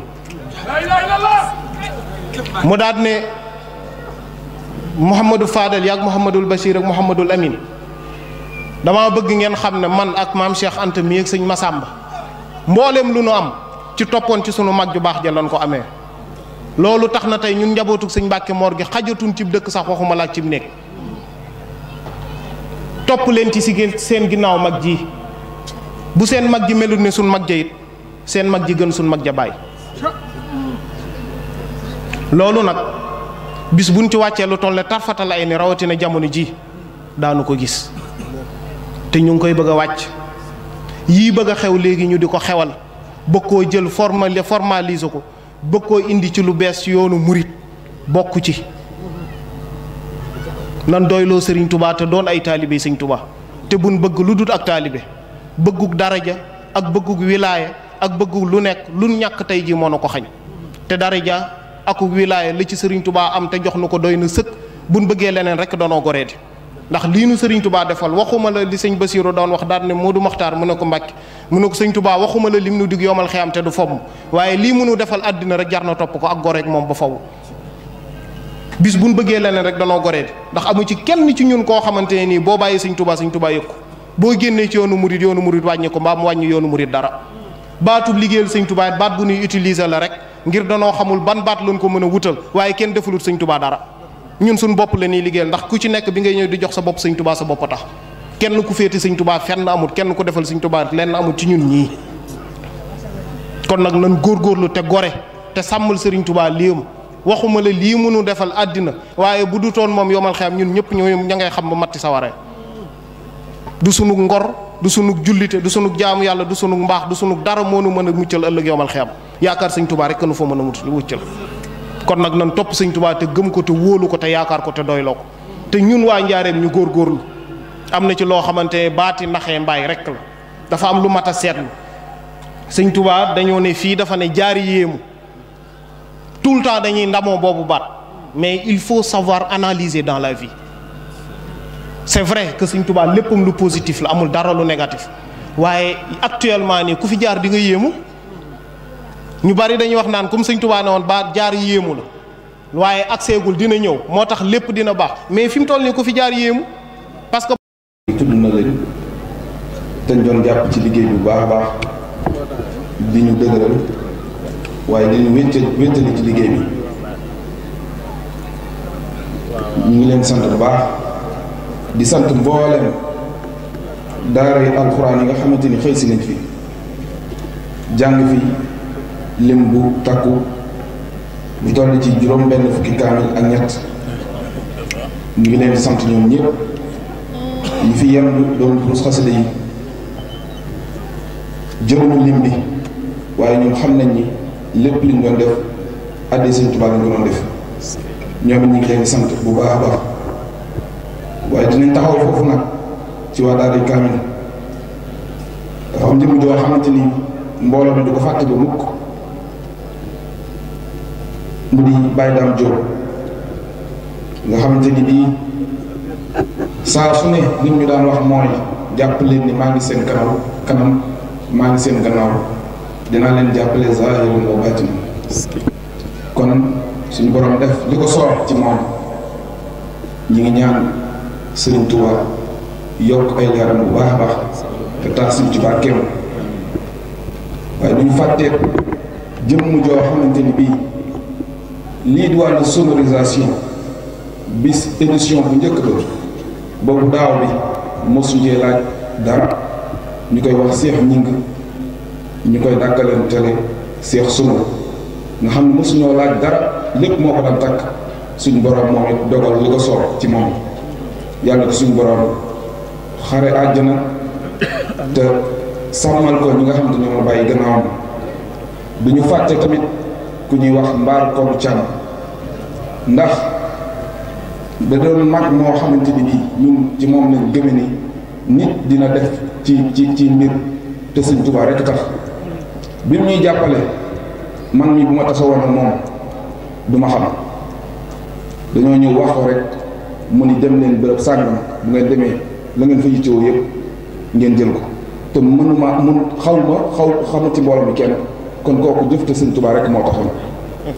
mu daat ne Mouhamadou Fadel yaag Mouhamadul Bachir ak Mouhamadul Amin dama bëgg ngeen xam ne man ak maam Cheikh Anta mi sëñ Masamba mbooleem lu nu am ci toppoon ci sunu mag ju baax ja lan ko amee loolu tax na tey ñun njabootug sëñ Mbàkke Moor gi xajatuñ ci dëkk sax waxuma laa cib néeg topp leen ci seen ginnaaw mag ji bu seen mag ji melut ne suñ mag ja it seen mag ji gën suñ mag ja baay loolu nag bis buñ ci wàccee lu toll ne tarfatal ay ni rawatina jamono ji daanu ko gis te ñu ngi koy bëgg a wàcc yii bëgg a xew léegi ñu di ko xewal bëgg koo jël formali formaliser ko bëgg koo indi ci lu bees yoonu murit bokku ci nan doyloo sëriñ tubaa te doon ay taalibe sëriñ tubaa te buñ bëgg lu dul ak taalibe bëggug ja ak bëggug wilaaya ak bëggug lu nekk lu ñàkk tey ji moo nu ko xañ te dara ja akuk wilaaya li ci sëriñ tubaa am te jox nu ko doy na sëkk buñ bëggee leneen rekk danoo goreedi ndax lii nu sëriñ tubaa defal waxuma la li sëñ Basiiru doon wax daal ne Moodu Maxtaar mu ne ko Mbàkke mu ne ko sëñ tubaa waxuma la lim nu dig yomal xiyam te du fomm waaye lii mënu defal àddina rek jar na topp ko ak goreek moom ba faw bis bu nu bëggee leneen rek danoo goree di ndax amu ci kenn ci ñun koo xamante ne nii boo bàyyi sëñ tubaa sëñ tubaa yëg ko boo génnee ci yoonu murit yoonu murit wàññi ko mbaa wàññi yoonu murit dara baatub liggéeyal sëñ tubaa baat bu ñuy utiliser la rek ngir danoo xamul ban baat lañ ko mën a wutal waaye kenn defalut sëñ tubaa dara ñun suñu bopp la ñuy liggéeyal ndax ku ci nekk bi ngay ñëw di jox sa bopp sëñ tubaa sa bopp a tax kenn ku féete sëñ tubaa fenn amut kenn ko defal sëñ tubaa lenn amut ci ñun ñii kon nag nan góorgóorlu te gore te sàmmal sëriñ tubaa léemu waxuma la lii mënu defal àddina waaye bu dutoon moom yomal xam ñun ñëpp ñoo ña ngay xam ba matti sa waree du sunu ngor du sunu jullite du sunu jaamu yàlla du suñu mbaax du sunu dara moo nu mën a muccal ëllëg yomal xam yaakaar sëñ tubaa rek nu fa mën a muccal kon nag nan topp sëñ tubaa te gëm ko te wóolu ko te yaakaar ko te doyloo ko te ñun waa njaareem ñu góor góorgóorlu am na ci loo xamante ne baati naxee mbaay rek la dafa am lu mat a seetlu sëñ tubaa dañoo ne fii dafa ne jaar yéemu tout le temps dañuy ndamoo boobu baat mais il faut savoir analyser dans la vie c'est vrai que sëñ tubaa léppam lu positif la amul dara lu négatif waaye actuellement nii ku fi jaar di nga yéemu ñu bari dañuy wax naan comme sëñ Tuubaa woon ba jaar yéemu la waaye agseegul dina ñëw moo tax lépp dina baax mais fi mu toll nii ku fi jaar yéemu parce que. tudd na leen te doon jàpp ci liggéey bu baax a baax di ñu dëgëral waaye di ñu ci liggéey bi ñu ngi leen sant bu baax di sant mboolem daara yi alxuraan yi nga xamante ni xëy si nañ fii jàng fi. lim bu takku ñu toll ci juróom benn fukki kaamil ak ñett ñu ngi leen sant ñoom ñëpp ñu fi yem doon durus xasida yi jëruñu lim bi waaye ñoom xam nañ ni lépp liñ doon def addi sëñ Tuubaa lañ ko doon def ñoom ñu ngi leen sant bu baax baax waaye dinañ taxaw foofu nag ci waa daara kaamil dafa am jëmm joo xamante ni mbooloo mi du ko fàtte ba mukk mu di Baye Dame Diop nga xamante ni bii saa su ne li ñu daan wax mooy jàpp leen ni maa ngi seen kanam kanam maa ngi seen gannaaw dinaa leen jàppale zahiran wa baatin kon suñu borom def li ko soob ci moom ñi ngi ñaan Serigne Touba yokk ay leeram bu baax a baax te taas ci barkeem waaye duñu fàttee jëmm joo xamante ni bii. lii di wàllu sonorisation bis émission bu njëkk ba boobu daaw bi mosu laaj dara ñu koy wax seex ñing ñu koy dàkkaleen télé seex sonor nga xam ne mosuñoo laaj dara lépp moo ko daan takk suñu borom moom it dogal li ko soob ci moom yàlla ko suñu boroom xare àjjana te sàmmal ko ñi nga xam ne ñoo bàyyi gannaawam du ñu fàtte tamit. ku ñuy wax mbaar koru Thiam ndax da doon mag moo xamante ni nii ñun ci moom lañ gëme ni nit dina def ci ci ci mbir te Sëñ Tuubaa rekk tax bi ñuy jàppale man mi bu ma tasa woon ak moom du ma xam dañoo ñëw wax ko rek mu ni dem leen bërëb sàngam bu ngeen demee la ngeen fa yittewoo yépp ngeen jël ko te mënuma mun xaw ma xaw xamati mbooloo mi kenn kon kooku jëf te sëñ Tuubaa rek moo ko taxoon.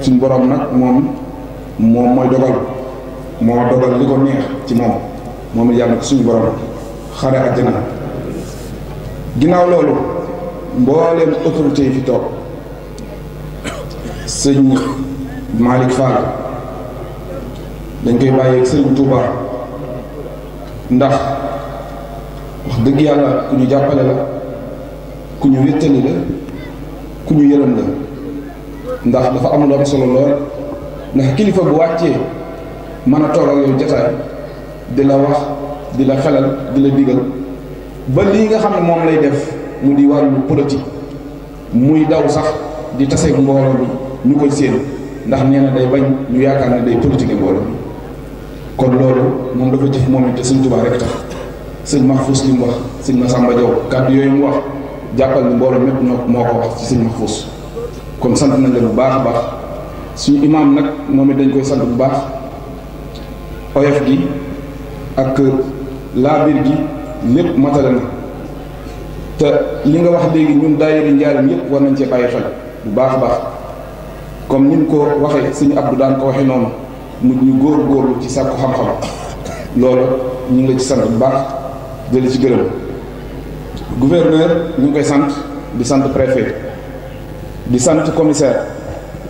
suñ boroom nag moom moom mooy dogal moo dogal li ko neex ci moom moom it yàlla na ko suñu borom xare àjjana ginnaaw loolu mbooleem autorité yi fi toog sëñ Malick Fall dañ koy bàyyi ak sëñ ndax wax dëgg yàlla ku ñu jàppale la ku ñu wéttali la. ku ñu yërëm la ndax dafa am am solo lool ndax kilifa bu wàccee mën a toog ak yow jataay di la wax di la xelal di la digal ba lii nga xam ne moom lay def mu di wàllu politique muy daw sax di taseeg mbooloo mi ñu koy séen ndax nee na day bañ ñu yaakaar ne day politique mbooloo kon loolu moom dafa jëf moom it te sëñ Tuubaa rek tax sëñ Mahfous li mu wax sëñ Masamba kàddu yooyu mu wax jàppal ni mbooloo mépp ñoo moo ko wax ci sëñ Mahfous kon sant na la bu baax a baax suñu imaam nag moom it dañ koy sant bu baax oyof gi ak laabir gi lépp matale na te li nga wax léegi ñun daayira njaarim yépp war nañ cee bàyyi xel bu baax a baax comme ni ko waxee suñu Abdou daan ko waxee noonu mu ñu góor góorlu ci sàkku xam-xam loolu ñu ngi la ci sant bu baax jël ci gërëm gouverneur ñu ngi koy sant di sant préfet di sant commissaire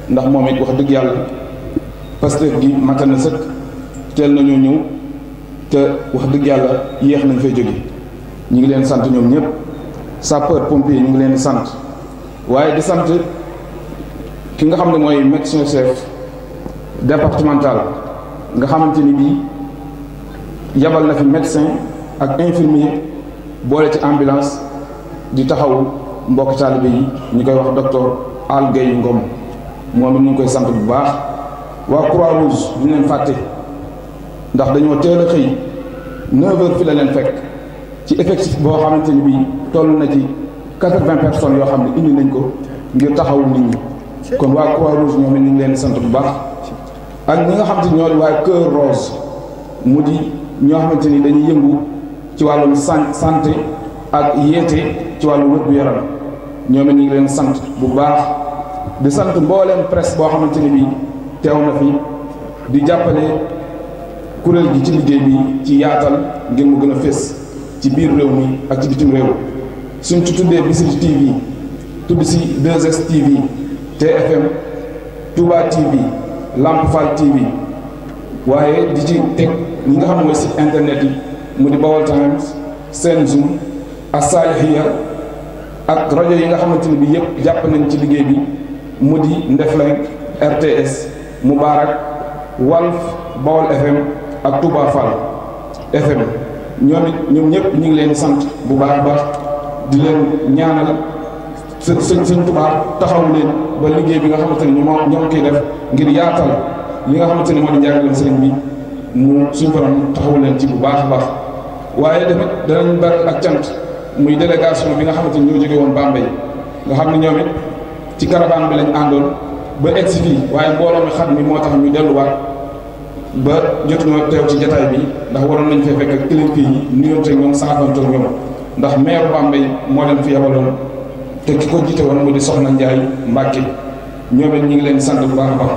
ndax moom it wax dëgg yàlla Pastef gi matal na sëkk teel nañoo ñëw te wax dëgg yàlla yéex nañ fay jóge ñu ngi leen sant ñoom ñëpp sapeur pompier ñu ngi leen sant waaye di sant ki nga xam ne mooy médecin chef départemental nga xamante ni bii yabal na fi médecin ak infirmier. boole ci ambulance di taxaw mbokk taalibe yi ñu koy wax docteur Al Gueye Ngom moom it ñu ngi koy sant bu baax waa Croix Rouge du leen fàtte ndax dañoo teel a xëy 9h fi leen fekk ci effectif boo xamante ni bii toll na ci 80 personnes yoo xam ne indi nañ ko ngir taxawu nit kon waa Croix Rouge ñoom it ñu ngi leen sant bu baax ak ñi nga xam ni ñoo di waa Cœur Rose mu di ñoo xamante ni dañuy yëngu. ci wàllum san santé ak yéete ci wàllu wér-gu-yaram ñoom it ñu ngi leen sant bu baax di sant mbooleem presse boo xamante ne bii teew na fi di jàppale kuréel gi ci liggéey bi ci yaatal ngir mu gën a fés ci biir réew mi ak ci bitim réew suñ ci tuddee Bichri TV tudd ci 2S TV TFM Touba TV Lamp Fall TV waaye di ci teg ñi nga xam ne mooy ci internet yi. mu di Bawol Times Sen Zoom Asalihiya ak rajo yi nga xamante ni bi yëpp jàpp nañ ci liggéey bi mu di Ndefleng RTS Moubarak Walf Bawol FM ak Touba Fall FM ñoom it ñëpp ñu ngi leen sant bu baax baax di leen ñaanal së sëñ sëñ Touba taxaw leen ba liggéey bi nga xamante ni ñoo ñoo koy def ngir yaatal li nga xamante ni moo di njàngaleem sëriñ bi mu suñu borom taxaw leen ci bu baax a baax. waaye tamit danañ baral ak jant muy délégation bi nga xamante ni ñoo jóge woon Bambey nga xam ne ñoom ci caravane bi lañ àndoon ba egsi fii waaye mbooloo mi xam mi moo tax ñu delluwaat ba jot jotuñoo teew ci jataay bi ndax waroon nañ fee fekk ak kilifa yi nuyoonte ak ñoom saafantoog ñoom ndax maire Bambey moo leen fi yabaloon te ki ko jiite woon moo di Soxna Ndiaye Mbacke ñoom it ñu ngi leen sant bu baax a baax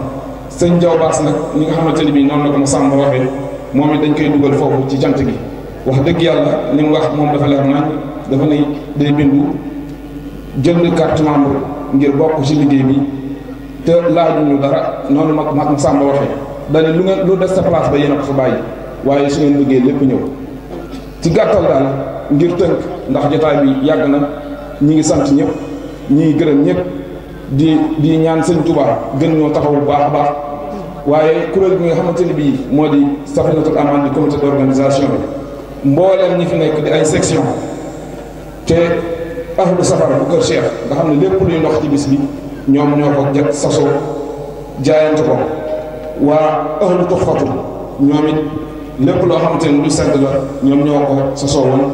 sëñ Diaw Baas nag ñi nga xamante ne bii noonu la ko mu sàmm waxee moom it dañ koy dugal foofu ci jant gi. wax dëgg yàlla li mu wax moom dafa leer nañ dafa ne day bindu jënd carte membre ngir bokk ci liggéey bi te laajuñu dara noonu mag mag Samba waxee dañ lu ngeen lu des sa place ba yéen a ko fa bàyyi waaye su ngeen liggéey lépp ñëw ci gàttal daal ngir tënk ndax jotaay bi yàgg na ñi ngi sant ñëpp ñi ngi gërëm ñëpp di di ñaan sëñ Touba gën ñoo taxaw bu baax a baax waaye kuréel bi nga xamante ne bii moo di Safinatul Amaan di comité d'organisation bi mboolem ñi fi nekk di ay section te ahlu safara bu kër Cheikh nga xam ne lépp luy ndox ci bis bi ñoom ñoo ko jot sasoo jaayante ko waa ahlu tuxfatu ñoom it lépp loo xamante ne lu sedd la ñoom ñoo ko sasoo woon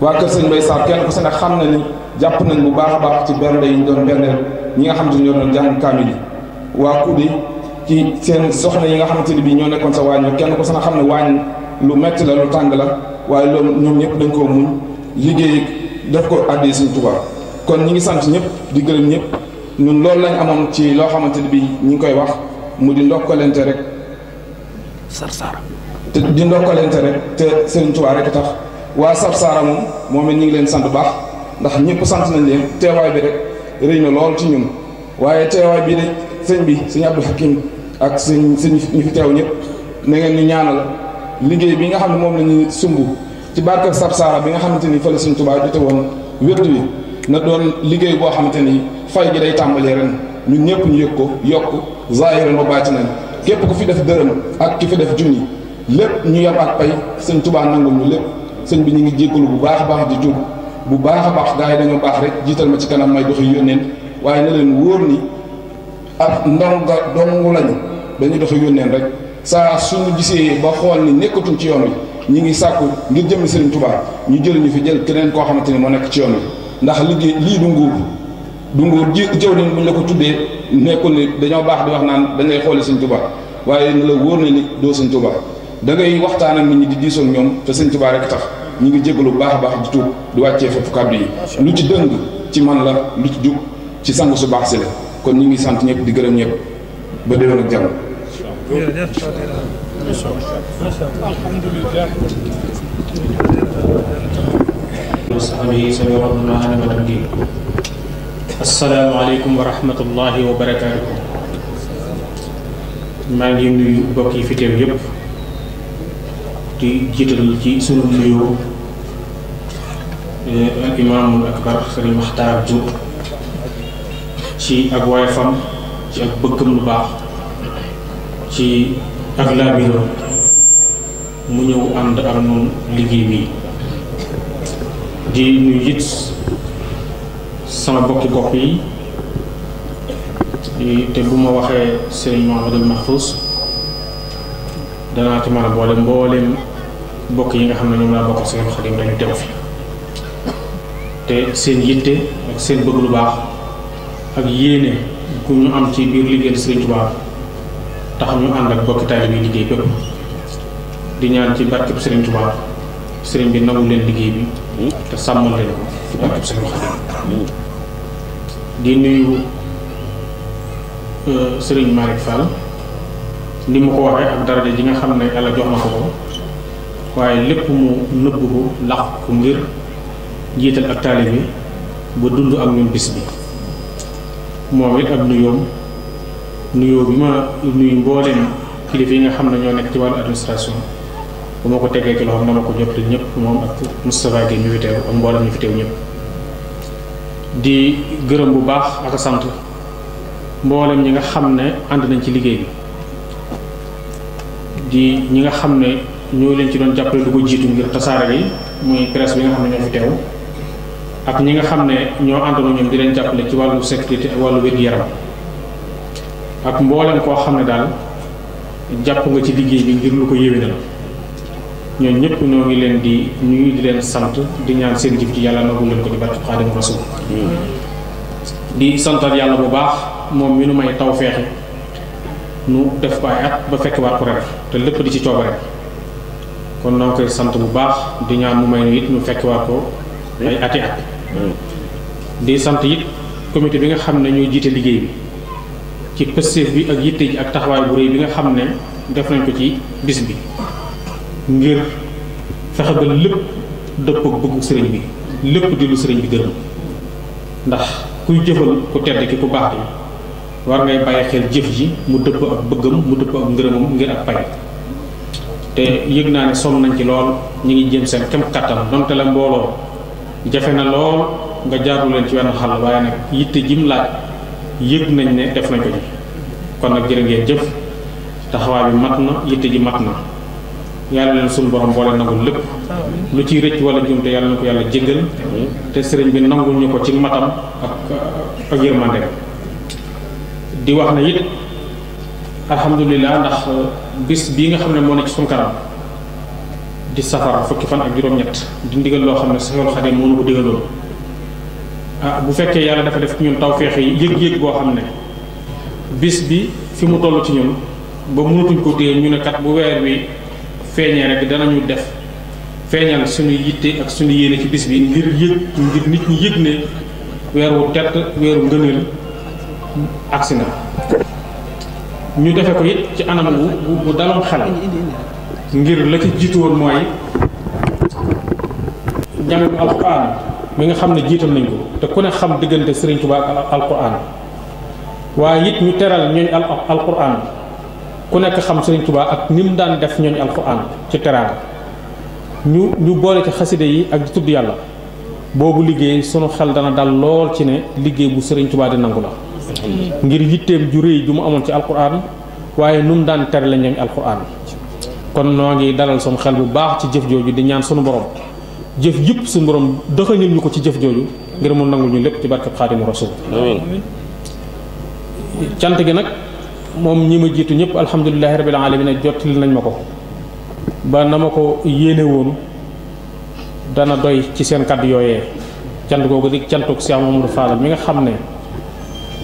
waa kër sëñ Bay Sarr kenn ku si ne xam na ni jàpp nañ bu baax a baax ci benn yi ñu doon berndeel ñi nga xam ne ñoo doon jàng kaamil yi waa kuddi ci seen soxna yi nga xamante ne bii ñoo nekkoon sa waañ kenn ku si ne xam ne waañ lu metti la lu tàng la waaye loolu ñoom ñëpp dañ koo muñ liggéey def ko addi Sëriñ Tuubaa kon ñi ngi sant ñëpp di gërëm ñépp ñun loolu lañ amoon ci loo xamante ne bi ñi ngi koy wax mu di ndokkalante rek Sarsara te di ndokkalante rek te Sëriñ rek tax waa Sarsara moom moom it ñi ngi leen sant baax ndax ñëpp sant nañ leen teewaay bi rek rëy na lool ci ñun waaye teewaay bi de sëñ bi sëñ Abdou Hakim ak sëñ sëñ ñu fi teew ñëpp na ngeen ñu ñaanal liggéey bi nga xam ne moom la ñuy sumb ci barke Sabsara bi nga xamante ni fële Sëriñ Tuubaa jote woon wérdu wi na doon liggéey boo xamante ni fay gi day tàmbalee ren ñun ñëpp ñu yëg ko yokk zaahiran wa baatinan képp ku fi def dërëm ak ki fi def junni lépp ñu yem ak pay Sëriñ Tuubaa nangul ñu lépp sëñ bi ñu ngi jégalu bu baax a baax di jub bu baax a baax gars yi dañoo baax rek jiital ma ci kanam may doxi yónneen waaye na leen wóor ni ak ndonga dongu lañu dañuy doxi yónneen rek saa suñu gisee ba xool ni nekkatuñ ci yoon wi ñu ngi sàkku ngir jëmmi Serigne Touba ñu jël ñu fi jël keneen koo xamante ni moo nekk ci yoon ndax liggéey lii du nguur du nguur ji jëw nañ bu ñu la ko tuddee nekkul ni dañoo baax di wax naan dañ lay xooli Serigne Touba waaye na la wóor na ni doo Serigne Touba da ngay waxtaan ak nit ñi di diisoog ñoom te Serigne Touba rek tax ñu ngi lu baax a baax di tuub di wàccee fépp kàddu yi lu ci dëng ci man la lu ci jub ci sangu su baax si kon ñu ngi sant ñëpp di gërëm ñëpp ba déwén ak jàmm jërëjëf alhamdulilah saxabi sabi warahmatullahi wa barakatuh asalaamaaleykum wa rahmatullahi wa barakatuh maa ngi nuyu mbokk yi fi teew yépp di jiital ci sunu nuyoo ak eh, imaamul akbar sëriñ Maxtaar Jóob ci ak waay fam ci ak bëggam lu baax ci ak laabiroo mu ñëw ànd ak noonu liggéey bi di ñu yit sama bokki bopp yi te bu ma waxee sëriñ Mouhamadou Mahfous danaa ci mën a boole mbooleem bokk yi nga xam ne ñoom laa bokk seen xadim dañu teew fi te seen yitte ak seen bëgg lu baax ak yéene ku ñu am ci biir liggéey Sëriñ Tuubaa tax ñu ànd ak bokki taalibe yi liggéey bépp di ñaan ci barkeb Serigne Touba Serigne bi nangu leen liggéey bi te sàmmal leen ko ci euh, mu ko waxee ak daraja ji nga xam ne yàlla jox na ko ko waaye lépp mu nëbb ko laq ko ngir jiital ak taalibe ba dund ak ñun bis bi moom it ab nuyoom nuyoo bi ma nuyu mbooleem kilifa yi nga xam ne ñoo nekk ci wàllu administration bu ma ko tegee ci loxoom dama ko jottali ñëpp moom ak Moustapha Guèye ñu fi teew ak mbooleem di bu baax ak sant mboolem ñi nga xam ne ànd nañ ci liggéey di ñi nga xam ne ñoo leen ci doon jàppale du ko jiitu ngir tasaare yi muy presse bi nga xam ne ñoo fi teew ak ñi nga xam ne ñoo àndoon ñoom di leen jàppale ci wàllu sécurité ak wàllu wér-gu-yaram ak mboolem koo xam ne daal jàpp nga ci liggéey bi ngir lu ko yéwéne la ñoo ñëpp ñoo ngi leen di nuyu di leen sant di ñaan seen jëf ji yàlla nangu leen ko di barke Xaadimu Rasuul di santal yàlla bu baax moom mi nu may taw feexe nu def ko ay at ba fekk waat ko ren te lépp di ci coobare kon noo koy sant bu baax di ñaan mu may nu it nu fekk ko ay ati at hmm. di sant it comité bi nga xam ne ñoo jiite liggéey bi ci pëstéef bi ak yitte ji ak taxawaay bu réy bi nga xam ne def nañ ko ci bis bi ngir fexe ba lépp dëpp ak bëggu sëriñ bi lépp di lu sëriñ bi gërëm ndax kuy jëfal ku tedd ki ku baax bi war ngay bàyyi xel jëf ji mu dëpp ak bëggam mu dëpp ak ngërëmam ngir ak pay te yëg naa ne sonn nañ ci lool ñu ngi jëm seen kem kattan donte la mbooloo jafe na lool nga jaarul leen ci wenn xàll waaye nag yitte jim laaj yëg nañ ne def nañ ko ci kon nag jërë ngeen jëf taxawaay bi mat na yitte ji mat na yàlla leen suñu borom boole nangul lépp lu ci rëcc wala jumte yàlla na ko yàlla jéggal te sëriñ bi nangul ñu ko ci matam ak ak yërmande di wax na it alhamdulilah ndax bis bii nga xam ne moo nekk ci di safar fukki fan ak juróom-ñett di ndigal loo xam ne Seexul Xadiim mënu ko digaloon ah bu fekkee yàlla dafa def ñun tawféex yi yëg-yëg boo xam ne bis bi fi mu toll ci ñun ba mënatuñ ko téye ñu ne kat bu weer wi feeñee dana ñu def feeñal suñu yitte ak suñu yéene ci bis bi ngir yëg ngir nit ñi yëg ne weer wu tett weeru ngëneel agsi na ñu defe ko it ci anam wu bu daloon xel ngir la ci jiitu woon mooy jàng alxuraan mi nga xam ne jiitam nañ ko te ku ne xam diggante Sëriñ Tuubaa ak alquran waaye it ñu teral ñooñ al alquran nekk xam Sëriñ Tuubaa ak ni daan def ñooñ alquran ci teraanga ñu ñu boole ci xaside yi ak di tudd yàlla boobu liggéey sunu xel dana dal lool ci ne liggéey bu Sëriñ Tuubaa di nangu la ngir yitteem ju réy ju mu amoon ci alquran waaye nu mu daan terale ñooñ alquran kon noo ngi dalal sunu xel bu baax ci jëf jooju di ñaan sunu borom jëf su suñu borom doxalin ñu ko ci jëf jooju ngir mu nangul ñu lépp ci barkab xaadimu rasul cant gi nag moom ñi ma jiitu ñëpp alhamdulilahi rabil alamin jottali nañ ma ko ba na ma ko yéene woon dana doy ci seen kàddu yooyee cant googu di cantuk Cheikh Mamadou Fall mi nga xam ne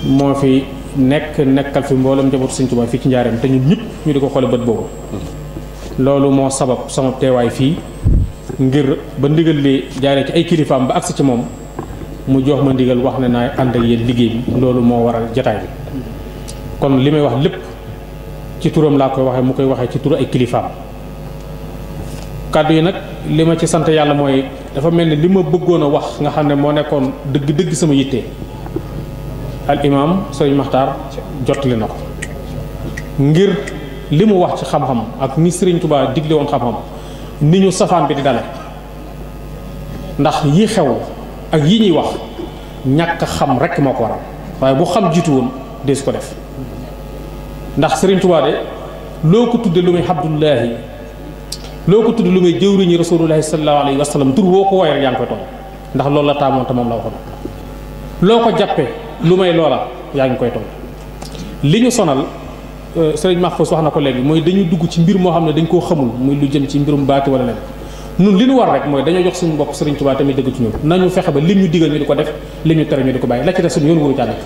moo fi nekk nekkal fi mboolem njabootu Sëñ Tuubaa fii ci njaareem te ñun ñëpp ñu di ko xoole bët boobu mm-hmm. loolu moo sabab sama teewaay fii ngir ba ndigal li jaaree ci ay kilifaam ba agsi ci moom mu jox ma ndigal wax ne naa ànd ak yéen liggéey loolu moo waral jataay bi kon li may wax lépp ci turam laa koy waxee mu koy waxee ci turu ay kilifaam kàddu yi nag li ma ci sant yàlla mooy dafa mel ni li ma bëggoon a wax nga xam ne moo nekkoon dëgg-dëgg sama yitte al imaam sëriñ Maxtaar jottali na ko ngir li mu wax ci xam-xam ak ni sëriñ Tuubaa digle woon xam-xam ni ñu safaan bi di dale ndax yi xew ak yi ñuy wax ñàkk xam rekk moo ko waral waaye bu xam jiitu woon dees ko def ndax Serigne Touba loo ko tudde lu muy Abdullahi loo ko tudde lu muy jëwriñu rasulullahi sallallahu alayhi wa sallam tur woo ko wooye rek yaa ngi koy tooñ ndax loolu la taamoon te moom la waxoon loo ko jàppe lu may loola yaa ngi koy tooñ li ñu sonal Euh, sëriñ Mahfouz wax na ko léegi mooy dañu dugg ci mbir moo xam ne dañ koo xamul muy lu jëm ci mbirum baati wala leen nun li ñu suñu bopp sëriñ Tuubaa tamit dëgg ci ñun nañu fexe ba lim ñu di ko def ko bàyyi la ci def suñu yoon wuru caa nekk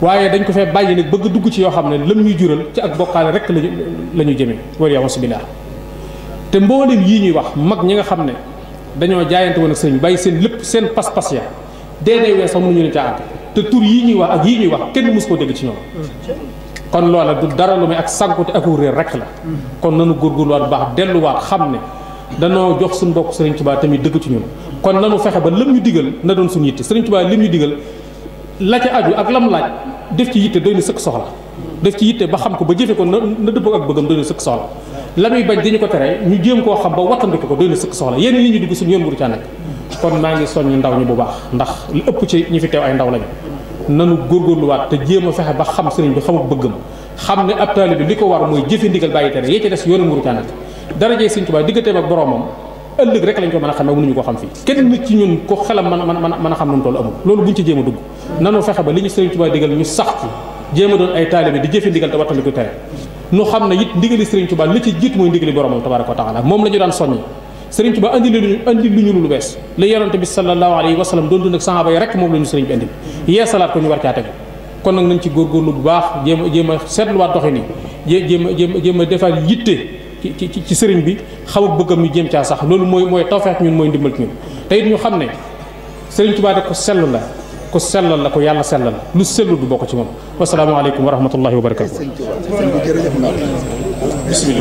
waaye dañ ko fee bàyyi nag bëgg dugg ci yoo xam ne lam ñuy jural ci ak bokkaale rek lañu la ñu jëmee wala yow sibila te mboolem yii ñuy wax mag ñi nga xam ne dañoo jaayante woon ak sëriñ bàyyi seen lépp seen pas-pas ya dee day wee sax mënuñu leen caa àgg te tur yi ñuy wax ak yii ñuy wax kenn mos koo dégg ci ñoom kon loola du dara lu muy ak sànkute ak réer rek la kon nanu góorgóorluwaat bu baax delluwaat xam ne danoo jox suñu bokk Serigne Touba tamit dëgg ci ñun kon nanu fexe ba lim ñu digal na doon suñu yitte Serigne Touba lim ñu digal la ca aju ak lam laaj def ci yitte doy na sëkk soxla def ci yitte ba xam ko ba jëfe ko na na dëppoo ak bëggam doy na sëkk soxla la muy bañ dañu ko tere ñu jéem koo xam ba wattandiku ko doy na sëkk soxla yenn nit ñu dugg suñu yoon wuru caa nekk kon maa ngi soññ ndaw ñi bu baax ndax ëpp ci ñu fi teew ndaw lañu nanu góor góorgóorluwaat te jéem a fexe ba xam sëriñ bi xamuk bëggam xam ne ab taalibe bi li ko war mooy jëfe ndigal bàyyi tere yee ca des yoon muru caanak darajee sëriñ Tuubaa digganteem ak a a xam nañu toll amul loolu buñ a li ñu sëriñ Tuubaa digal ñu sax ci jéem a doon ay taalibe di jëfe ndigal te wattali ko tere nu xam ne it ndigali sëriñ Tuubaa li ci jiit mooy ndigali boromam tabaaraka wa taala moom la ñu daan soññ sëriñ Tuubaa andi lu andi lu ñu lu bees la yonante bi sallallahu alayhi wa sallam doon dund ak saxaaba yi rek moom la ñu sëriñ bi andi yee salaat ko ñu war caa tegu kon nag nañ ci góorgóorlu bu baax jéem a jéem a seetluwaat doxin yi jéem a jéem a jéem a defaat yitte ci ci ci sëriñ bi xaw ak bëggam ñu jéem caa sax loolu mooy mooy tawfeex ñun mooy ndimbal ci ñun te it ñu xam ne sëriñ Tuubaa de ko sell la ko sellal la ko yàlla sellal la lu sellu du bokk ci moom wasalaamaaleykum wa rahmatullahi wa barakatu bismillah